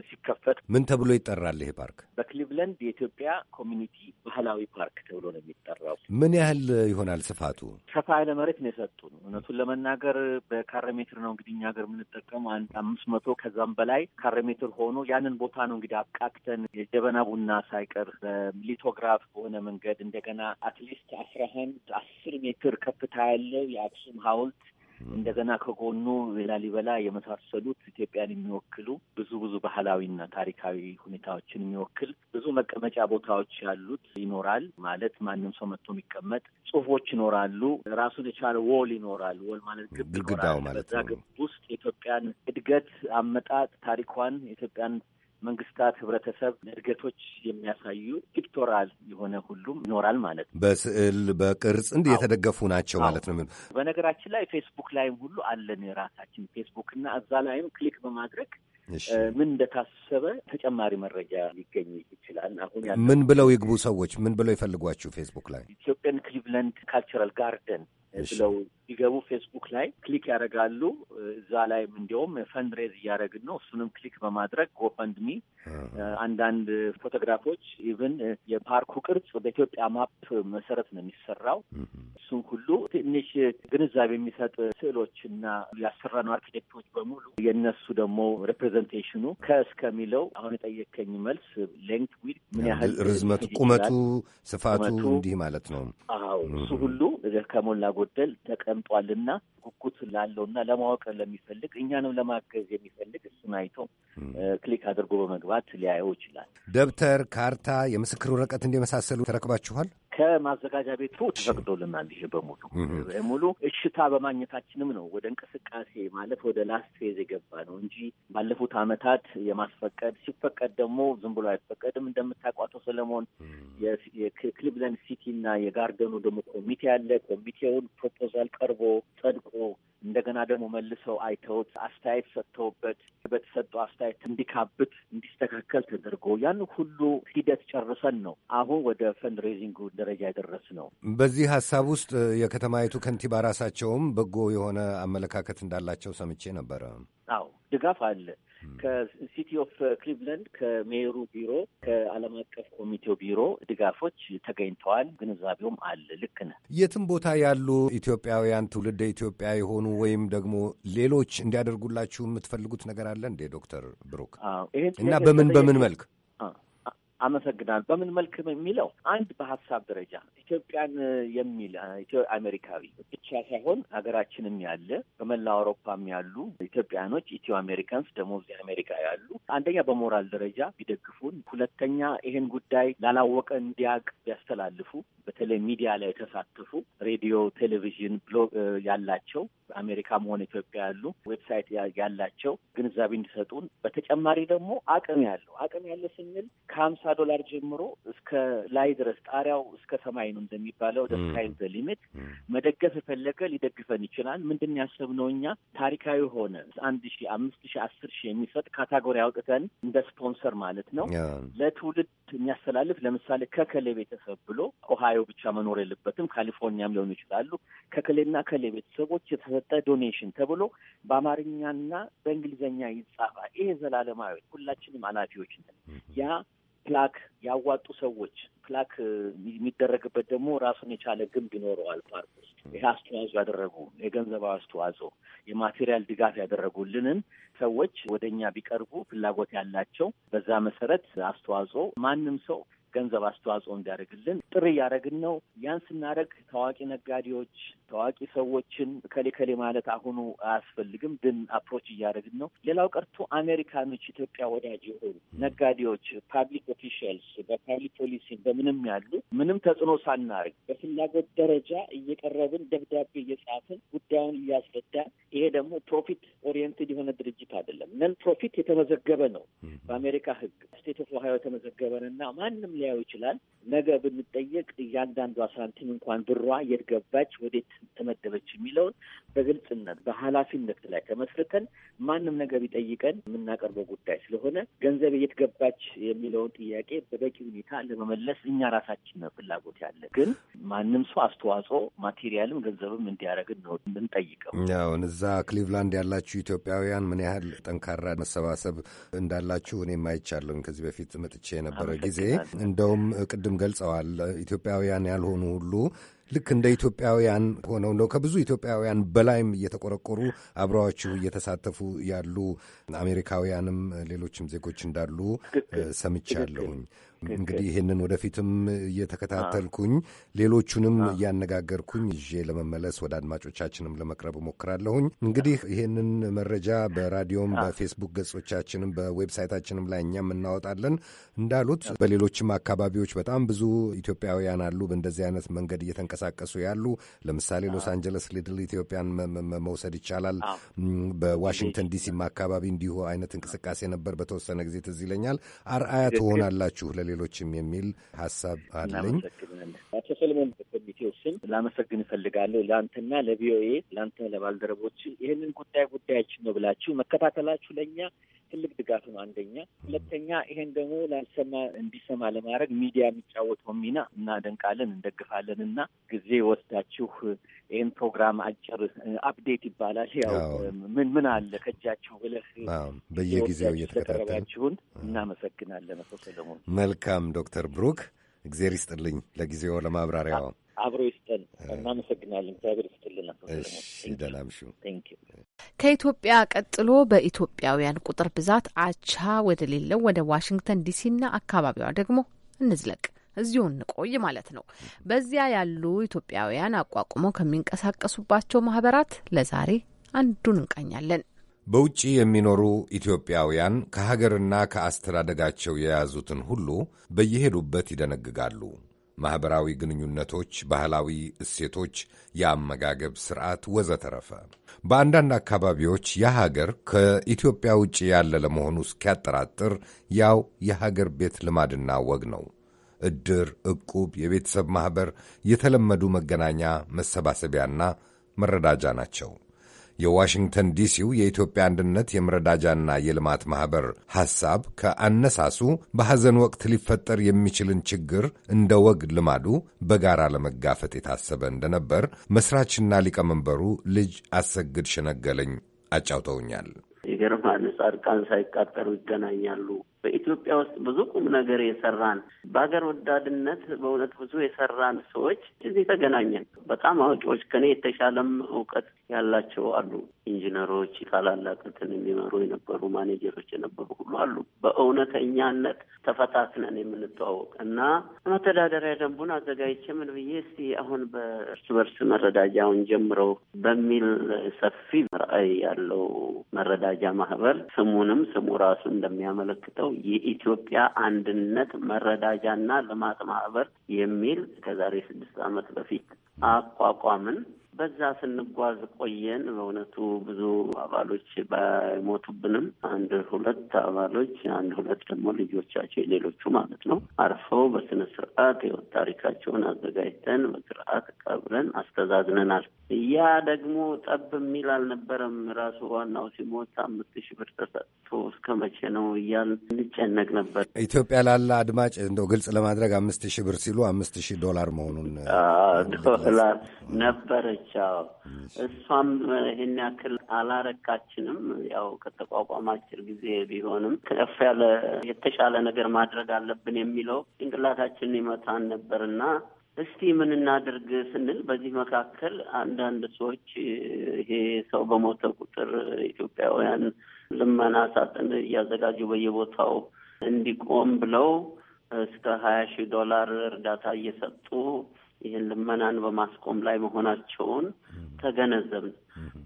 ሲከፈት ምን ተብሎ ይጠራል ይሄ ፓርክ? በክሊቭለንድ የኢትዮጵያ ኮሚኒቲ ባህላዊ ፓርክ ተብሎ ነው የሚጠራው። ምን ያህል ይሆናል ስፋቱ? ሰፋ ያለ መሬት ነው የሰጡን እውነቱን ለመናገር በካሬ ሜትር ነው እንግዲህ እኛ ሀገር የምንጠቀሙ አንድ አምስት መቶ ከዛም በላይ ካሬ ሜትር ሆኖ ያንን ቦታ ነው እንግዲህ አቃቅተን የጀበና ቡና ሳይቀር ሊቶግራፍ በሆነ መንገድ እንደገና አትሊስት አስራ አንድ አስር ሜትር ከፍታ ያለው የአክሱም ሐውልት እንደገና ከጎኑ የላሊበላ የመሳሰሉት ኢትዮጵያን የሚወክሉ ብዙ ብዙ ባህላዊና ታሪካዊ ሁኔታዎችን የሚወክል ብዙ መቀመጫ ቦታዎች ያሉት ይኖራል። ማለት ማንም ሰው መጥቶ የሚቀመጥ ጽሁፎች ይኖራሉ። ራሱን የቻለ ወል ይኖራል። ወል ማለት ግብ ይኖራል። በዛ ግብ ውስጥ የኢትዮጵያን እድገት አመጣጥ፣ ታሪኳን፣ የኢትዮጵያን መንግስታት፣ ህብረተሰብ እድገቶች የሚያሳዩ ፒክቶራል የሆነ ሁሉም ይኖራል ማለት ነው። በስዕል በቅርጽ እንዲህ የተደገፉ ናቸው ማለት ነው። በነገራችን ላይ ፌስቡክ ላይም ሁሉ አለን የራሳችን ፌስቡክ እና እዛ ላይም ክሊክ በማድረግ ምን እንደታሰበ ተጨማሪ መረጃ ሊገኝ ይችላል። አሁን ምን ብለው ይግቡ ሰዎች ምን ብለው ይፈልጓችሁ? ፌስቡክ ላይ ኢትዮጵያን ክሊቭላንድ ካልቸራል ጋርደን ብለው ሲገቡ ፌስቡክ ላይ ክሊክ ያደርጋሉ። እዛ ላይም እንዲያውም ፈንድሬዝ እያደረግን ነው። እሱንም ክሊክ በማድረግ ጎፈንድሚ አንዳንድ ፎቶግራፎች ኢቭን የፓርኩ ቅርጽ በኢትዮጵያ ማፕ መሰረት ነው የሚሰራው። እሱን ሁሉ ትንሽ ግንዛቤ የሚሰጥ ስዕሎች እና ያሰራነው አርኪቴክቶች በሙሉ የነሱ ደግሞ ሪፕሬዘንቴሽኑ ከእስከሚለው አሁን የጠየከኝ መልስ ሌንግት ዊድ ምን ያህል ርዝመቱ፣ ቁመቱ፣ ስፋቱ እንዲህ ማለት ነው። አዎ እሱ ሁሉ ከሞላ ጎ ጎደል ተቀምጧልና ጉጉት ላለውና ለማወቅ ለሚፈልግ እኛንም ለማገዝ የሚፈልግ እሱን አይቶ ክሊክ አድርጎ በመግባት ሊያየው ይችላል። ደብተር፣ ካርታ፣ የምስክር ወረቀት እንዲመሳሰሉ ተረክባችኋል? ከማዘጋጃ ቤቱ ተፈቅዶልናል። ይሄ በሙሉ በሙሉ እሽታ በማግኘታችንም ነው ወደ እንቅስቃሴ ማለት ወደ ላስት ፌዝ የገባ ነው እንጂ ባለፉት አመታት የማስፈቀድ ሲፈቀድ ደግሞ ዝም ብሎ አይፈቀድም። እንደምታቋቶ ሰለሞን የክሊቭላንድ ሲቲ እና የጋርደኑ ደግሞ ኮሚቴ አለ። ኮሚቴውን ፕሮፖዛል ቀርቦ ጸድቆ እንደገና ደግሞ መልሰው አይተውት አስተያየት ሰጥተውበት በተሰጡ አስተያየት እንዲካብት እንዲስተካከል ተደርጎ ያን ሁሉ ሂደት ጨርሰን ነው አሁን ወደ ፈንድሬዚንጉ ደረጃ የደረስ ነው። በዚህ ሀሳብ ውስጥ የከተማይቱ ከንቲባ ራሳቸውም በጎ የሆነ አመለካከት እንዳላቸው ሰምቼ ነበረ። አዎ ድጋፍ አለ። ከሲቲ ኦፍ ክሊቭላንድ ከሜሩ ቢሮ፣ ከዓለም አቀፍ ኮሚቴው ቢሮ ድጋፎች ተገኝተዋል። ግንዛቤውም አለ። ልክ ነህ። የትም ቦታ ያሉ ኢትዮጵያውያን ትውልደ ኢትዮጵያ የሆኑ ወይም ደግሞ ሌሎች እንዲያደርጉላችሁ የምትፈልጉት ነገር አለ እንዴ ዶክተር ብሩክ? እና በምን በምን መልክ አመሰግናል። በምን መልክ የሚለው አንድ በሀሳብ ደረጃ ኢትዮጵያን የሚል አሜሪካዊ ብቻ ሳይሆን ሀገራችንም ያለ በመላ አውሮፓም ያሉ ኢትዮጵያኖች ኢትዮ አሜሪካንስ ደግሞ እዚህ አሜሪካ ያሉ አንደኛ በሞራል ደረጃ ቢደግፉን፣ ሁለተኛ ይሄን ጉዳይ ላላወቀ እንዲያውቅ ቢያስተላልፉ፣ በተለይ ሚዲያ ላይ የተሳተፉ ሬዲዮ፣ ቴሌቪዥን ብሎ ያላቸው አሜሪካ መሆን ኢትዮጵያ ያሉ ዌብሳይት ያላቸው ግንዛቤ እንዲሰጡን፣ በተጨማሪ ደግሞ አቅም ያለው አቅም ያለ ስንል ከሀምሳ ዶላር ጀምሮ እስከ ላይ ድረስ ጣሪያው እስከ ሰማይ ነው እንደሚባለው ደስካይ ሊሚት መደገፍ የፈለገ ሊደግፈን ይችላል። ምንድን ያሰብነው እኛ ታሪካዊ ሆነ አንድ ሺ አምስት ሺ አስር ሺ የሚሰጥ ካታጎሪ አውጥተን እንደ ስፖንሰር ማለት ነው ለትውልድ የሚያስተላልፍ ለምሳሌ ከከሌ ቤተሰብ ብሎ ኦሃዮ ብቻ መኖር የለበትም ካሊፎርኒያም ሊሆኑ ይችላሉ ከከሌና ከሌ ቤተሰቦች የተሰጠ ዶኔሽን ተብሎ በአማርኛና በእንግሊዝኛ ይጻፋል። ይሄ ዘላለማዊ ሁላችንም ኃላፊዎች ነን። ያ ፕላክ ያዋጡ ሰዎች ፕላክ የሚደረግበት ደግሞ ራሱን የቻለ ግንብ ይኖረዋል። ፓርክ ውስጥ ይህ አስተዋጽኦ ያደረጉ የገንዘባዊ አስተዋጽኦ፣ የማቴሪያል ድጋፍ ያደረጉልንን ሰዎች ወደ እኛ ቢቀርቡ ፍላጎት ያላቸው በዛ መሰረት አስተዋጽኦ ማንም ሰው ገንዘብ አስተዋጽኦ እንዲያደርግልን ጥሪ እያደረግን ነው። ያን ስናደርግ ታዋቂ ነጋዴዎች፣ ታዋቂ ሰዎችን ከሌ ከሌ ማለት አሁኑ አያስፈልግም፣ ግን አፕሮች እያደረግን ነው። ሌላው ቀርቶ አሜሪካኖች ኢትዮጵያ ወዳጅ የሆኑ ነጋዴዎች፣ ፓብሊክ ኦፊሻልስ በፓብሊክ ፖሊሲ በምንም ያሉ ምንም ተጽዕኖ ሳናደርግ በፍላጎት ደረጃ እየቀረብን ደብዳቤ እየጻፍን ጉዳዩን እያስረዳን ይሄ ደግሞ ፕሮፊት ኦሪየንትድ የሆነ ድርጅት አይደለም። ነን ፕሮፊት የተመዘገበ ነው በአሜሪካ ሕግ ስቴት ኦፍ ኦሃዮ የተመዘገበን እና ማንም ሊያዩ ይችላል። ነገ ብንጠየቅ እያንዳንዷ ሳንቲም እንኳን ብሯ የት ገባች፣ ወዴት ተመደበች የሚለውን በግልጽነት በኃላፊነት ላይ ተመስርተን ማንም ነገር ቢጠይቀን የምናቀርበው ጉዳይ ስለሆነ ገንዘብ የት ገባች የሚለውን ጥያቄ በበቂ ሁኔታ ለመመለስ እኛ ራሳችን ፍላጎት ያለ ግን ማንም ሰው አስተዋጽኦ ማቴሪያልም ገንዘብም እንዲያደርግን ነው ብንጠይቀው። ያውን እዛ ክሊቭላንድ ያላችሁ ኢትዮጵያውያን ምን ያህል ጠንካራ መሰባሰብ እንዳላችሁ እኔም አይቻለሁ። ከዚህ በፊት መጥቼ የነበረ ጊዜ እንደውም ቅድም ገልጸዋል። ኢትዮጵያውያን ያልሆኑ ሁሉ ልክ እንደ ኢትዮጵያውያን ሆነው ነው ከብዙ ኢትዮጵያውያን በላይም እየተቆረቆሩ አብረዋችሁ እየተሳተፉ ያሉ አሜሪካውያንም ሌሎችም ዜጎች እንዳሉ ሰምቻለሁኝ። እንግዲህ ይህንን ወደፊትም እየተከታተልኩኝ ሌሎቹንም እያነጋገርኩኝ ይዤ ለመመለስ ወደ አድማጮቻችንም ለመቅረብ እሞክራለሁኝ። እንግዲህ ይህንን መረጃ በራዲዮም፣ በፌስቡክ ገጾቻችንም፣ በዌብሳይታችንም ላይ እኛም እናወጣለን። እንዳሉት በሌሎችም አካባቢዎች በጣም ብዙ ኢትዮጵያውያን አሉ በእንደዚህ አይነት መንገድ እየተንቀሳቀሱ ያሉ ለምሳሌ ሎስ አንጀለስ ሊድል ኢትዮጵያን መውሰድ ይቻላል። በዋሽንግተን ዲሲም አካባቢ እንዲሁ አይነት እንቅስቃሴ ነበር በተወሰነ ጊዜ ትዝ ይለኛል። አርአያ ትሆናላችሁ ለሌሎችም የሚል ሀሳብ አለኝ። አቶ ሰለሞን በኮሚቴው ስም ላመሰግን እፈልጋለሁ። ለአንተና ለቪኦኤ ለአንተ ለባልደረቦች ይህንን ጉዳይ ጉዳያችን ነው ብላችሁ መከታተላችሁ ለእኛ ትልቅ ድጋፍ ነው። አንደኛ፣ ሁለተኛ ይሄን ደግሞ ላልሰማ እንዲሰማ ለማድረግ ሚዲያ የሚጫወተው ሚና እናደንቃለን፣ እንደግፋለን እና ጊዜ ወስዳችሁ ይህን ፕሮግራም አጭር አፕዴት ይባላል ያው ምን ምን አለ ከእጃችሁ ብለህ በየጊዜው እየተከታተላችሁን እናመሰግናለን። አቶ ሰለሞን መልካም ዶክተር ብሩክ እግዜር ይስጥልኝ ለጊዜው ለማብራሪያው አብሮ ይስጠን። እናመሰግናለን። እግዚአብሔር ይስጥልን። ደህና ከኢትዮጵያ ቀጥሎ በኢትዮጵያውያን ቁጥር ብዛት አቻ ወደሌለው ወደ ዋሽንግተን ዲሲና አካባቢዋ ደግሞ እንዝለቅ። እዚሁ እንቆይ ማለት ነው። በዚያ ያሉ ኢትዮጵያውያን አቋቁመው ከሚንቀሳቀሱባቸው ማህበራት ለዛሬ አንዱን እንቃኛለን። በውጭ የሚኖሩ ኢትዮጵያውያን ከሀገርና ከአስተዳደጋቸው የያዙትን ሁሉ በየሄዱበት ይደነግጋሉ። ማኅበራዊ ግንኙነቶች፣ ባህላዊ እሴቶች፣ የአመጋገብ ስርዓት ወዘተረፈ በአንዳንድ አካባቢዎች የሀገር ከኢትዮጵያ ውጭ ያለ ለመሆኑ እስኪያጠራጥር ያው የሀገር ቤት ልማድና ወግ ነው። ዕድር፣ ዕቁብ፣ የቤተሰብ ማኅበር የተለመዱ መገናኛ መሰባሰቢያና መረዳጃ ናቸው። የዋሽንግተን ዲሲው የኢትዮጵያ አንድነት የመረዳጃና የልማት ማኅበር ሐሳብ ከአነሳሱ በሐዘን ወቅት ሊፈጠር የሚችልን ችግር እንደ ወግ ልማዱ በጋራ ለመጋፈጥ የታሰበ እንደነበር መስራችና ሊቀመንበሩ ልጅ አሰግድ ሸነገለኝ አጫውተውኛል። ይገርማል። ነጻድቃን ሳይቃጠሩ ይገናኛሉ በኢትዮጵያ ውስጥ ብዙ ቁም ነገር የሰራን በሀገር ወዳድነት በእውነት ብዙ የሰራን ሰዎች እዚህ ተገናኘን። በጣም አዋቂዎች ከኔ የተሻለም እውቀት ያላቸው አሉ። ኢንጂነሮች፣ ታላላቅትን የሚመሩ የነበሩ ማኔጀሮች የነበሩ ሁሉ አሉ። በእውነተኛነት ተፈታትነን የምንተዋወቅ እና መተዳደሪያ ደንቡን አዘጋጅቼ ምን ብዬ እስቲ አሁን በእርስ በርስ መረዳጃውን ጀምረው በሚል ሰፊ ራዕይ ያለው መረዳጃ ማህበር ስሙንም ስሙ ራሱ እንደሚያመለክተው ያለው የኢትዮጵያ አንድነት መረዳጃና ልማት ማህበር የሚል ከዛሬ ስድስት ዓመት በፊት አቋቋምን። በዛ ስንጓዝ ቆየን። በእውነቱ ብዙ አባሎች ባይሞቱብንም አንድ ሁለት አባሎች አንድ ሁለት ደግሞ ልጆቻቸው የሌሎቹ ማለት ነው አርፈው በስነ ስርዓት የወት ታሪካቸውን አዘጋጅተን በስርዓት ቀብረን አስተዛዝነናል። ያ ደግሞ ጠብ የሚል አልነበረም። ራሱ ዋናው ሲሞት አምስት ሺህ ብር ተሰጥቶ እስከ መቼ ነው እያል እንጨነቅ ነበር። ኢትዮጵያ ላለ አድማጭ እንደው ግልጽ ለማድረግ አምስት ሺህ ብር ሲሉ አምስት ሺህ ዶላር መሆኑን ዶላር ነበረች ነች። እሷም ይህን ያክል አላረካችንም። ያው አጭር ጊዜ ቢሆንም ከፍ ያለ የተሻለ ነገር ማድረግ አለብን የሚለው ጭንቅላታችንን ይመታን ነበርና እስቲ ምን እናድርግ ስንል በዚህ መካከል አንዳንድ ሰዎች ይሄ ሰው በሞተ ቁጥር ኢትዮጵያውያን ልመና ሳጥን እያዘጋጁ በየቦታው እንዲቆም ብለው እስከ ሀያ ሺህ ዶላር እርዳታ እየሰጡ ይህን ልመናን በማስቆም ላይ መሆናቸውን ተገነዘብን።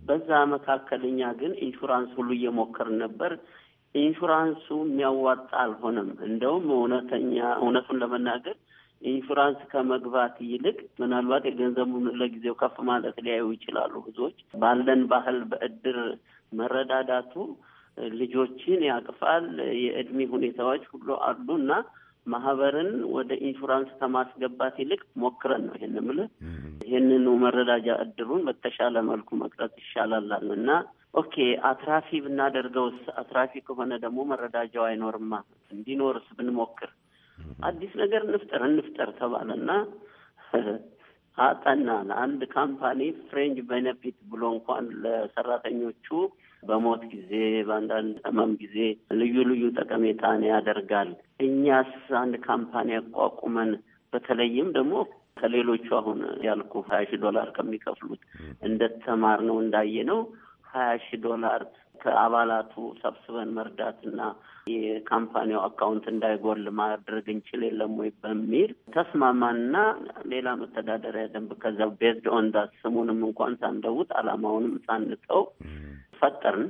በዛ መካከል እኛ ግን ኢንሹራንስ ሁሉ እየሞከርን ነበር። ኢንሹራንሱ የሚያዋጣ አልሆነም። እንደውም እውነተኛ እውነቱን ለመናገር ኢንሹራንስ ከመግባት ይልቅ ምናልባት የገንዘቡን ለጊዜው ከፍ ማለት ሊያዩ ይችላሉ ብዙዎች። ባለን ባህል በእድር መረዳዳቱ ልጆችን ያቅፋል። የእድሜ ሁኔታዎች ሁሉ አሉ እና ማህበርን ወደ ኢንሹራንስ ከማስገባት ይልቅ ሞክረን ነው ይህን ምልህ ይህንኑ መረዳጃ እድሉን በተሻለ መልኩ መቅረጽ ይሻላላል እና ኦኬ አትራፊ ብናደርገውስ አትራፊ ከሆነ ደግሞ መረዳጃው አይኖርማ እንዲኖርስ ብንሞክር አዲስ ነገር እንፍጠር እንፍጠር ተባለና አጠናን አንድ ካምፓኒ ፍሬንጅ ቤኔፊት ብሎ እንኳን ለሰራተኞቹ በሞት ጊዜ፣ በአንዳንድ ህመም ጊዜ ልዩ ልዩ ጠቀሜታን ያደርጋል። እኛስ አንድ ካምፓኒ አቋቁመን በተለይም ደግሞ ከሌሎቹ አሁን ያልኩ ሀያ ሺህ ዶላር ከሚከፍሉት እንዳየ እንዳየነው ሀያ ሺህ ዶላር ከአባላቱ ሰብስበን መርዳትና የካምፓኒው አካውንት እንዳይጎል ማድረግ እንችል የለም ወይ በሚል ተስማማና ሌላ መተዳደሪያ ደንብ ከዛ ቤዝድ ኦን ዳት ስሙንም እንኳን ሳንደውጥ አላማውንም ሳንተው ፈጠርን።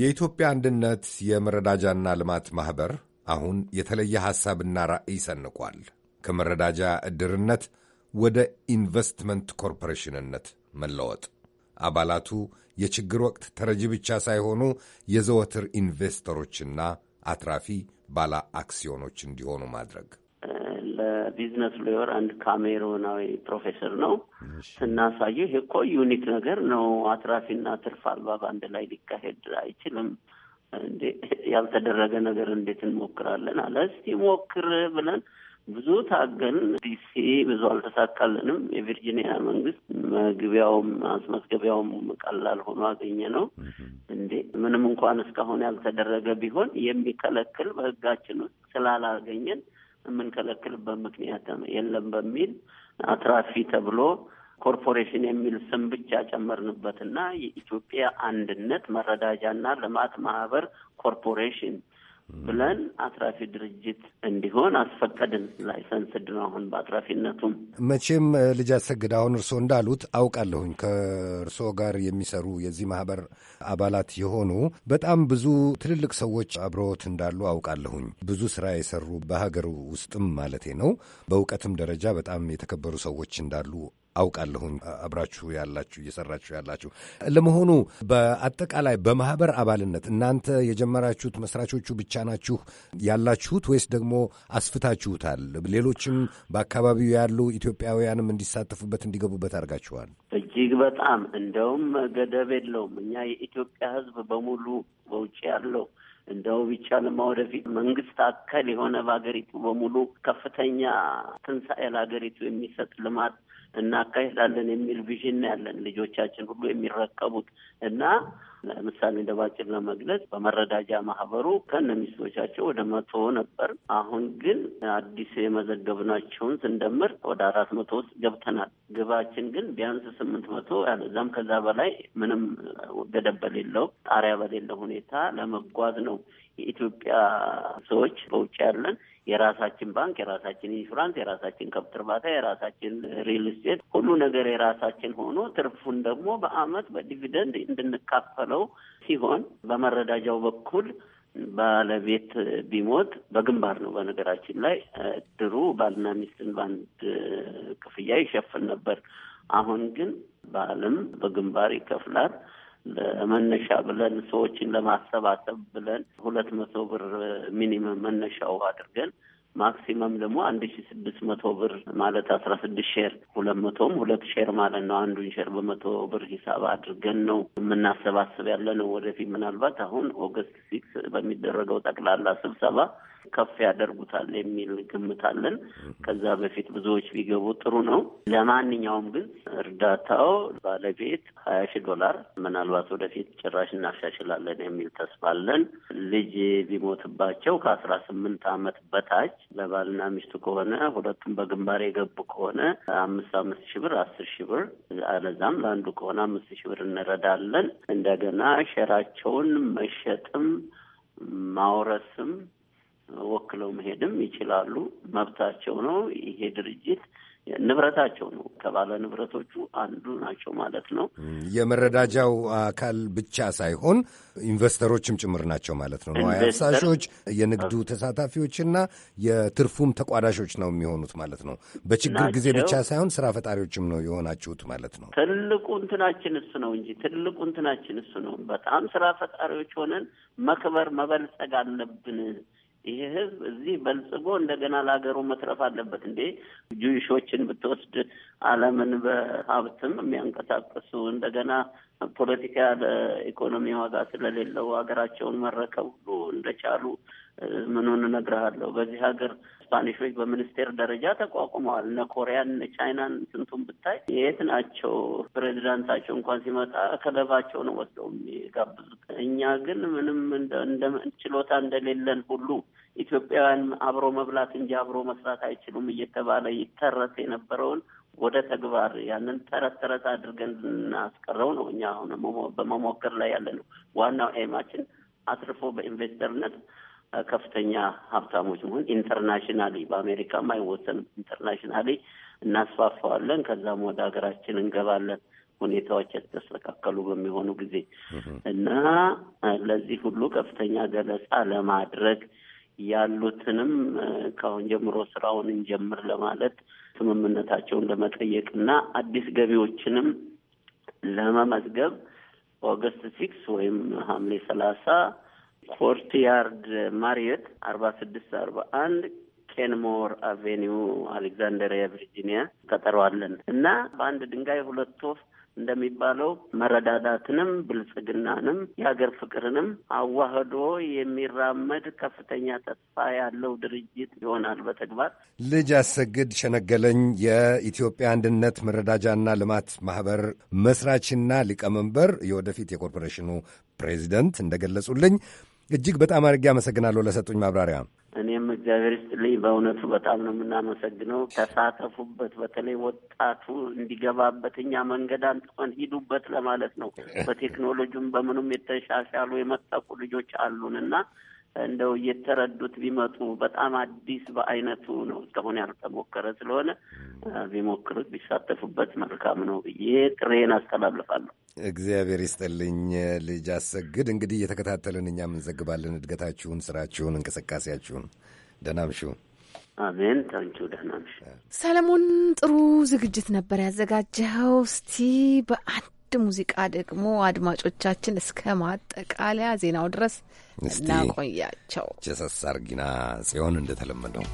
የኢትዮጵያ አንድነት የመረዳጃና ልማት ማኅበር አሁን የተለየ ሐሳብና ራዕይ ሰንቋል። ከመረዳጃ ዕድርነት ወደ ኢንቨስትመንት ኮርፖሬሽንነት መለወጥ፣ አባላቱ የችግር ወቅት ተረጂ ብቻ ሳይሆኑ የዘወትር ኢንቨስተሮችና አትራፊ ባለ አክሲዮኖች እንዲሆኑ ማድረግ ለቢዝነስ ሎየር አንድ ካሜሮናዊ ፕሮፌሰር ነው ስናሳየው፣ ይሄ እኮ ዩኒክ ነገር ነው፣ አትራፊና ትርፍ አልባ በአንድ ላይ ሊካሄድ አይችልም። እንዴ ያልተደረገ ነገር እንዴት እንሞክራለን አለ። እስቲ ሞክር ብለን ብዙ ታገን፣ ዲሲ ብዙ አልተሳካልንም። የቪርጂኒያ መንግስት መግቢያውም አስመዝገቢያውም ቀላል ሆኖ አገኘ ነው። እንዴ ምንም እንኳን እስካሁን ያልተደረገ ቢሆን የሚከለክል በህጋችን ውስጥ ስላላገኘን የምንከለክልበት ምክንያት የለም በሚል አትራፊ ተብሎ ኮርፖሬሽን የሚል ስም ብቻ ጨመርንበትና የኢትዮጵያ አንድነት መረዳጃና ልማት ማህበር ኮርፖሬሽን ብለን አትራፊ ድርጅት እንዲሆን አስፈቀድን። ላይሰንስ ድን አሁን በአትራፊነቱም መቼም ልጅ አሰግድ አሁን እርስዎ እንዳሉት አውቃለሁኝ ከእርስዎ ጋር የሚሰሩ የዚህ ማህበር አባላት የሆኑ በጣም ብዙ ትልልቅ ሰዎች አብረዎት እንዳሉ አውቃለሁኝ። ብዙ ስራ የሰሩ በሀገር ውስጥም ማለቴ ነው። በእውቀትም ደረጃ በጣም የተከበሩ ሰዎች እንዳሉ አውቃለሁኝ አብራችሁ ያላችሁ እየሰራችሁ ያላችሁ። ለመሆኑ በአጠቃላይ በማህበር አባልነት እናንተ የጀመራችሁት መስራቾቹ ብቻ ናችሁ ያላችሁት ወይስ ደግሞ አስፍታችሁታል? ሌሎችም በአካባቢው ያሉ ኢትዮጵያውያንም እንዲሳተፉበት እንዲገቡበት አድርጋችኋል? እጅግ በጣም እንደውም ገደብ የለውም። እኛ የኢትዮጵያ ሕዝብ በሙሉ በውጭ ያለው እንደው ለማ ወደፊት መንግስት አካል የሆነ በሀገሪቱ በሙሉ ከፍተኛ ትንሣኤ ለሀገሪቱ የሚሰጥ ልማት እናካሄዳለን የሚል ቪዥን ያለን ልጆቻችን ሁሉ የሚረከቡት እና ለምሳሌ እንደ ባጭር ለመግለጽ በመረዳጃ ማህበሩ ከነ ሚስቶቻቸው ወደ መቶ ነበር። አሁን ግን አዲስ የመዘገብናቸውን ስንደምር ወደ አራት መቶ ውስጥ ገብተናል። ግባችን ግን ቢያንስ ስምንት መቶ ያለዛም ከዛ በላይ ምንም ገደብ በሌለው ጣሪያ በሌለው ሁኔታ ለመጓዝ ነው። የኢትዮጵያ ሰዎች በውጭ ያለን የራሳችን ባንክ፣ የራሳችን ኢንሹራንስ፣ የራሳችን ከብት እርባታ፣ የራሳችን ሪል ስቴት፣ ሁሉ ነገር የራሳችን ሆኖ ትርፉን ደግሞ በአመት በዲቪደንድ እንድንካፈለው ሲሆን በመረዳጃው በኩል ባለቤት ቢሞት በግንባር ነው። በነገራችን ላይ እድሩ ባልና ሚስትን በአንድ ክፍያ ይሸፍን ነበር። አሁን ግን ባልም በግንባር ይከፍላል። ለመነሻ ብለን ሰዎችን ለማሰባሰብ ብለን ሁለት መቶ ብር ሚኒመም መነሻው አድርገን ማክሲመም ደግሞ አንድ ሺ ስድስት መቶ ብር ማለት አስራ ስድስት ሼር ሁለት መቶም ሁለት ሼር ማለት ነው። አንዱን ሼር በመቶ ብር ሂሳብ አድርገን ነው የምናሰባስብ ያለ ነው። ወደፊት ምናልባት አሁን ኦገስት ሲክስ በሚደረገው ጠቅላላ ስብሰባ ከፍ ያደርጉታል የሚል ግምት አለን። ከዛ በፊት ብዙዎች ቢገቡ ጥሩ ነው። ለማንኛውም ግን እርዳታው ባለቤት ሀያ ሺህ ዶላር ምናልባት ወደፊት ጭራሽ እናሻሽላለን የሚል ተስፋ አለን። ልጅ ቢሞትባቸው ከአስራ ስምንት ዓመት በታች ለባልና ሚስቱ ከሆነ ሁለቱም በግንባር የገቡ ከሆነ አምስት አምስት ሺህ ብር አስር ሺህ ብር አለዛም ለአንዱ ከሆነ አምስት ሺህ ብር እንረዳለን። እንደገና ሸራቸውን መሸጥም ማውረስም ወክለው መሄድም ይችላሉ። መብታቸው ነው። ይሄ ድርጅት ንብረታቸው ነው። ከባለ ንብረቶቹ አንዱ ናቸው ማለት ነው። የመረዳጃው አካል ብቻ ሳይሆን ኢንቨስተሮችም ጭምር ናቸው ማለት ነው። ነዋይ አፍሳሾች፣ የንግዱ ተሳታፊዎችና የትርፉም ተቋዳሾች ነው የሚሆኑት ማለት ነው። በችግር ጊዜ ብቻ ሳይሆን ስራ ፈጣሪዎችም ነው የሆናችሁት ማለት ነው። ትልቁ እንትናችን እሱ ነው እንጂ ትልቁ እንትናችን እሱ ነው። በጣም ስራ ፈጣሪዎች ሆነን መክበር መበልጸግ አለብን። ይሄ ህዝብ እዚህ በልጽጎ እንደገና ለሀገሩ መትረፍ አለበት። እንዴ ጁይሾችን ብትወስድ ዓለምን በሀብትም የሚያንቀሳቅሱ እንደገና ፖለቲካ ለኢኮኖሚ ዋጋ ስለሌለው ሀገራቸውን መረከብ ሁሉ እንደቻሉ ምኑን እነግርሃለሁ። በዚህ ሀገር ስፓኒሾች በሚኒስቴር ደረጃ ተቋቁመዋል። እነ ኮሪያን፣ እነ ቻይናን ስንቱን ብታይ የት ናቸው? ፕሬዚዳንታቸው እንኳን ሲመጣ ከለባቸው ነው ወስደው የሚጋብዙት። እኛ ግን ምንም እንደ ችሎታ እንደሌለን ሁሉ ኢትዮጵያውያን አብሮ መብላት እንጂ አብሮ መስራት አይችሉም እየተባለ ይተረት የነበረውን ወደ ተግባር ያንን ተረት ተረት አድርገን ልናስቀረው ነው እኛ አሁን በመሞከር ላይ ያለ ነው። ዋናው ኤማችን አትርፎ በኢንቨስተርነት ከፍተኛ ሀብታሞች መሆን ኢንተርናሽናሊ በአሜሪካም አይወሰንም። ኢንተርናሽናሊ እናስፋፋዋለን። ከዛም ወደ ሀገራችን እንገባለን ሁኔታዎች የተስተካከሉ በሚሆኑ ጊዜ እና ለዚህ ሁሉ ከፍተኛ ገለጻ ለማድረግ ያሉትንም ከአሁን ጀምሮ ስራውን እንጀምር ለማለት ስምምነታቸውን ለመጠየቅ እና አዲስ ገቢዎችንም ለመመዝገብ ኦገስት ሲክስ ወይም ሐምሌ ሰላሳ ኮርትያርድ ማሪየት አርባ ስድስት አርባ አንድ ኬንሞር አቬኒው አሌክዛንደሪያ ቨርጂኒያ ቀጠሯለን እና በአንድ ድንጋይ ሁለት ወፍ እንደሚባለው መረዳዳትንም ብልጽግናንም የሀገር ፍቅርንም አዋህዶ የሚራመድ ከፍተኛ ተስፋ ያለው ድርጅት ይሆናል። በተግባር ልጅ አሰግድ ሸነገለኝ የኢትዮጵያ አንድነት መረዳጃና ልማት ማህበር መስራችና ሊቀመንበር የወደፊት የኮርፖሬሽኑ ፕሬዚደንት እንደገለጹልኝ እጅግ በጣም አድርጌ አመሰግናለሁ ለሰጡኝ ማብራሪያ። እኔም እግዚአብሔር ይስጥልኝ። በእውነቱ በጣም ነው የምናመሰግነው። ተሳተፉበት፣ በተለይ ወጣቱ እንዲገባበት እኛ መንገድ አንጥፈን ሂዱበት ለማለት ነው። በቴክኖሎጂም በምኑም የተሻሻሉ የመጠቁ ልጆች አሉን እና እንደው እየተረዱት ቢመጡ በጣም አዲስ በአይነቱ ነው፣ እስካሁን ያልተሞከረ ስለሆነ ቢሞክሩት ቢሳተፉበት መልካም ነው ብዬ ጥሬን አስተላልፋለሁ። እግዚአብሔር ይስጥልኝ። ልጅ አሰግድ እንግዲህ እየተከታተልን እኛም እንዘግባለን እድገታችሁን፣ ስራችሁን፣ እንቅስቃሴያችሁን። ደህና ምሹ። አሜን ታንቹ። ደህና ሰለሞን፣ ጥሩ ዝግጅት ነበር ያዘጋጀኸው። እስቲ በአንድ ሙዚቃ ደግሞ አድማጮቻችን እስከ ማጠቃለያ ዜናው ድረስ እናቆያቸው። ጀሰስ አርጊና ጽዮን እንደተለመደው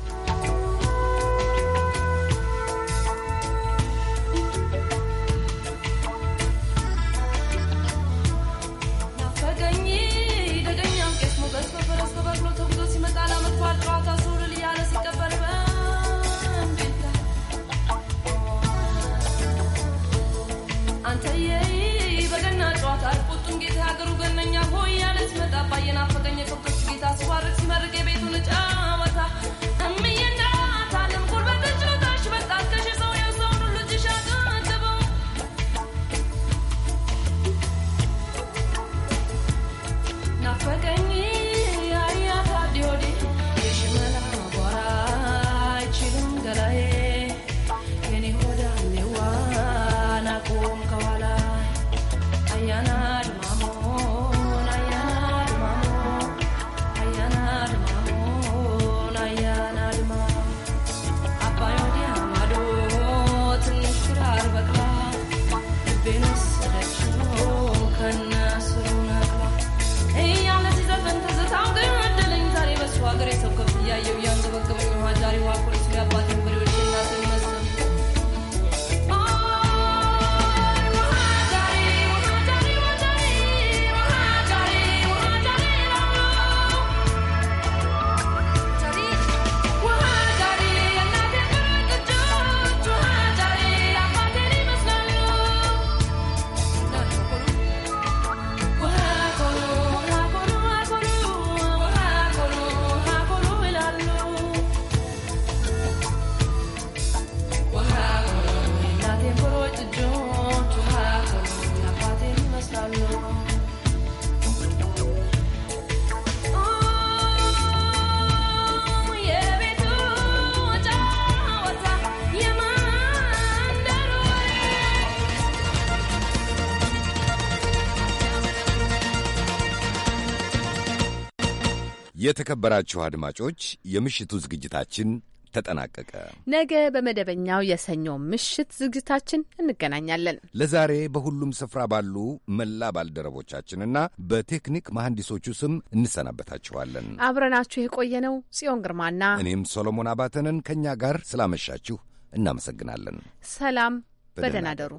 የተከበራችሁ አድማጮች የምሽቱ ዝግጅታችን ተጠናቀቀ። ነገ በመደበኛው የሰኞ ምሽት ዝግጅታችን እንገናኛለን። ለዛሬ በሁሉም ስፍራ ባሉ መላ ባልደረቦቻችንና በቴክኒክ መሐንዲሶቹ ስም እንሰናበታችኋለን። አብረናችሁ የቆየነው ጽዮን ግርማና እኔም ሶሎሞን አባተንን ከእኛ ጋር ስላመሻችሁ እናመሰግናለን። ሰላም፣ በደህና you.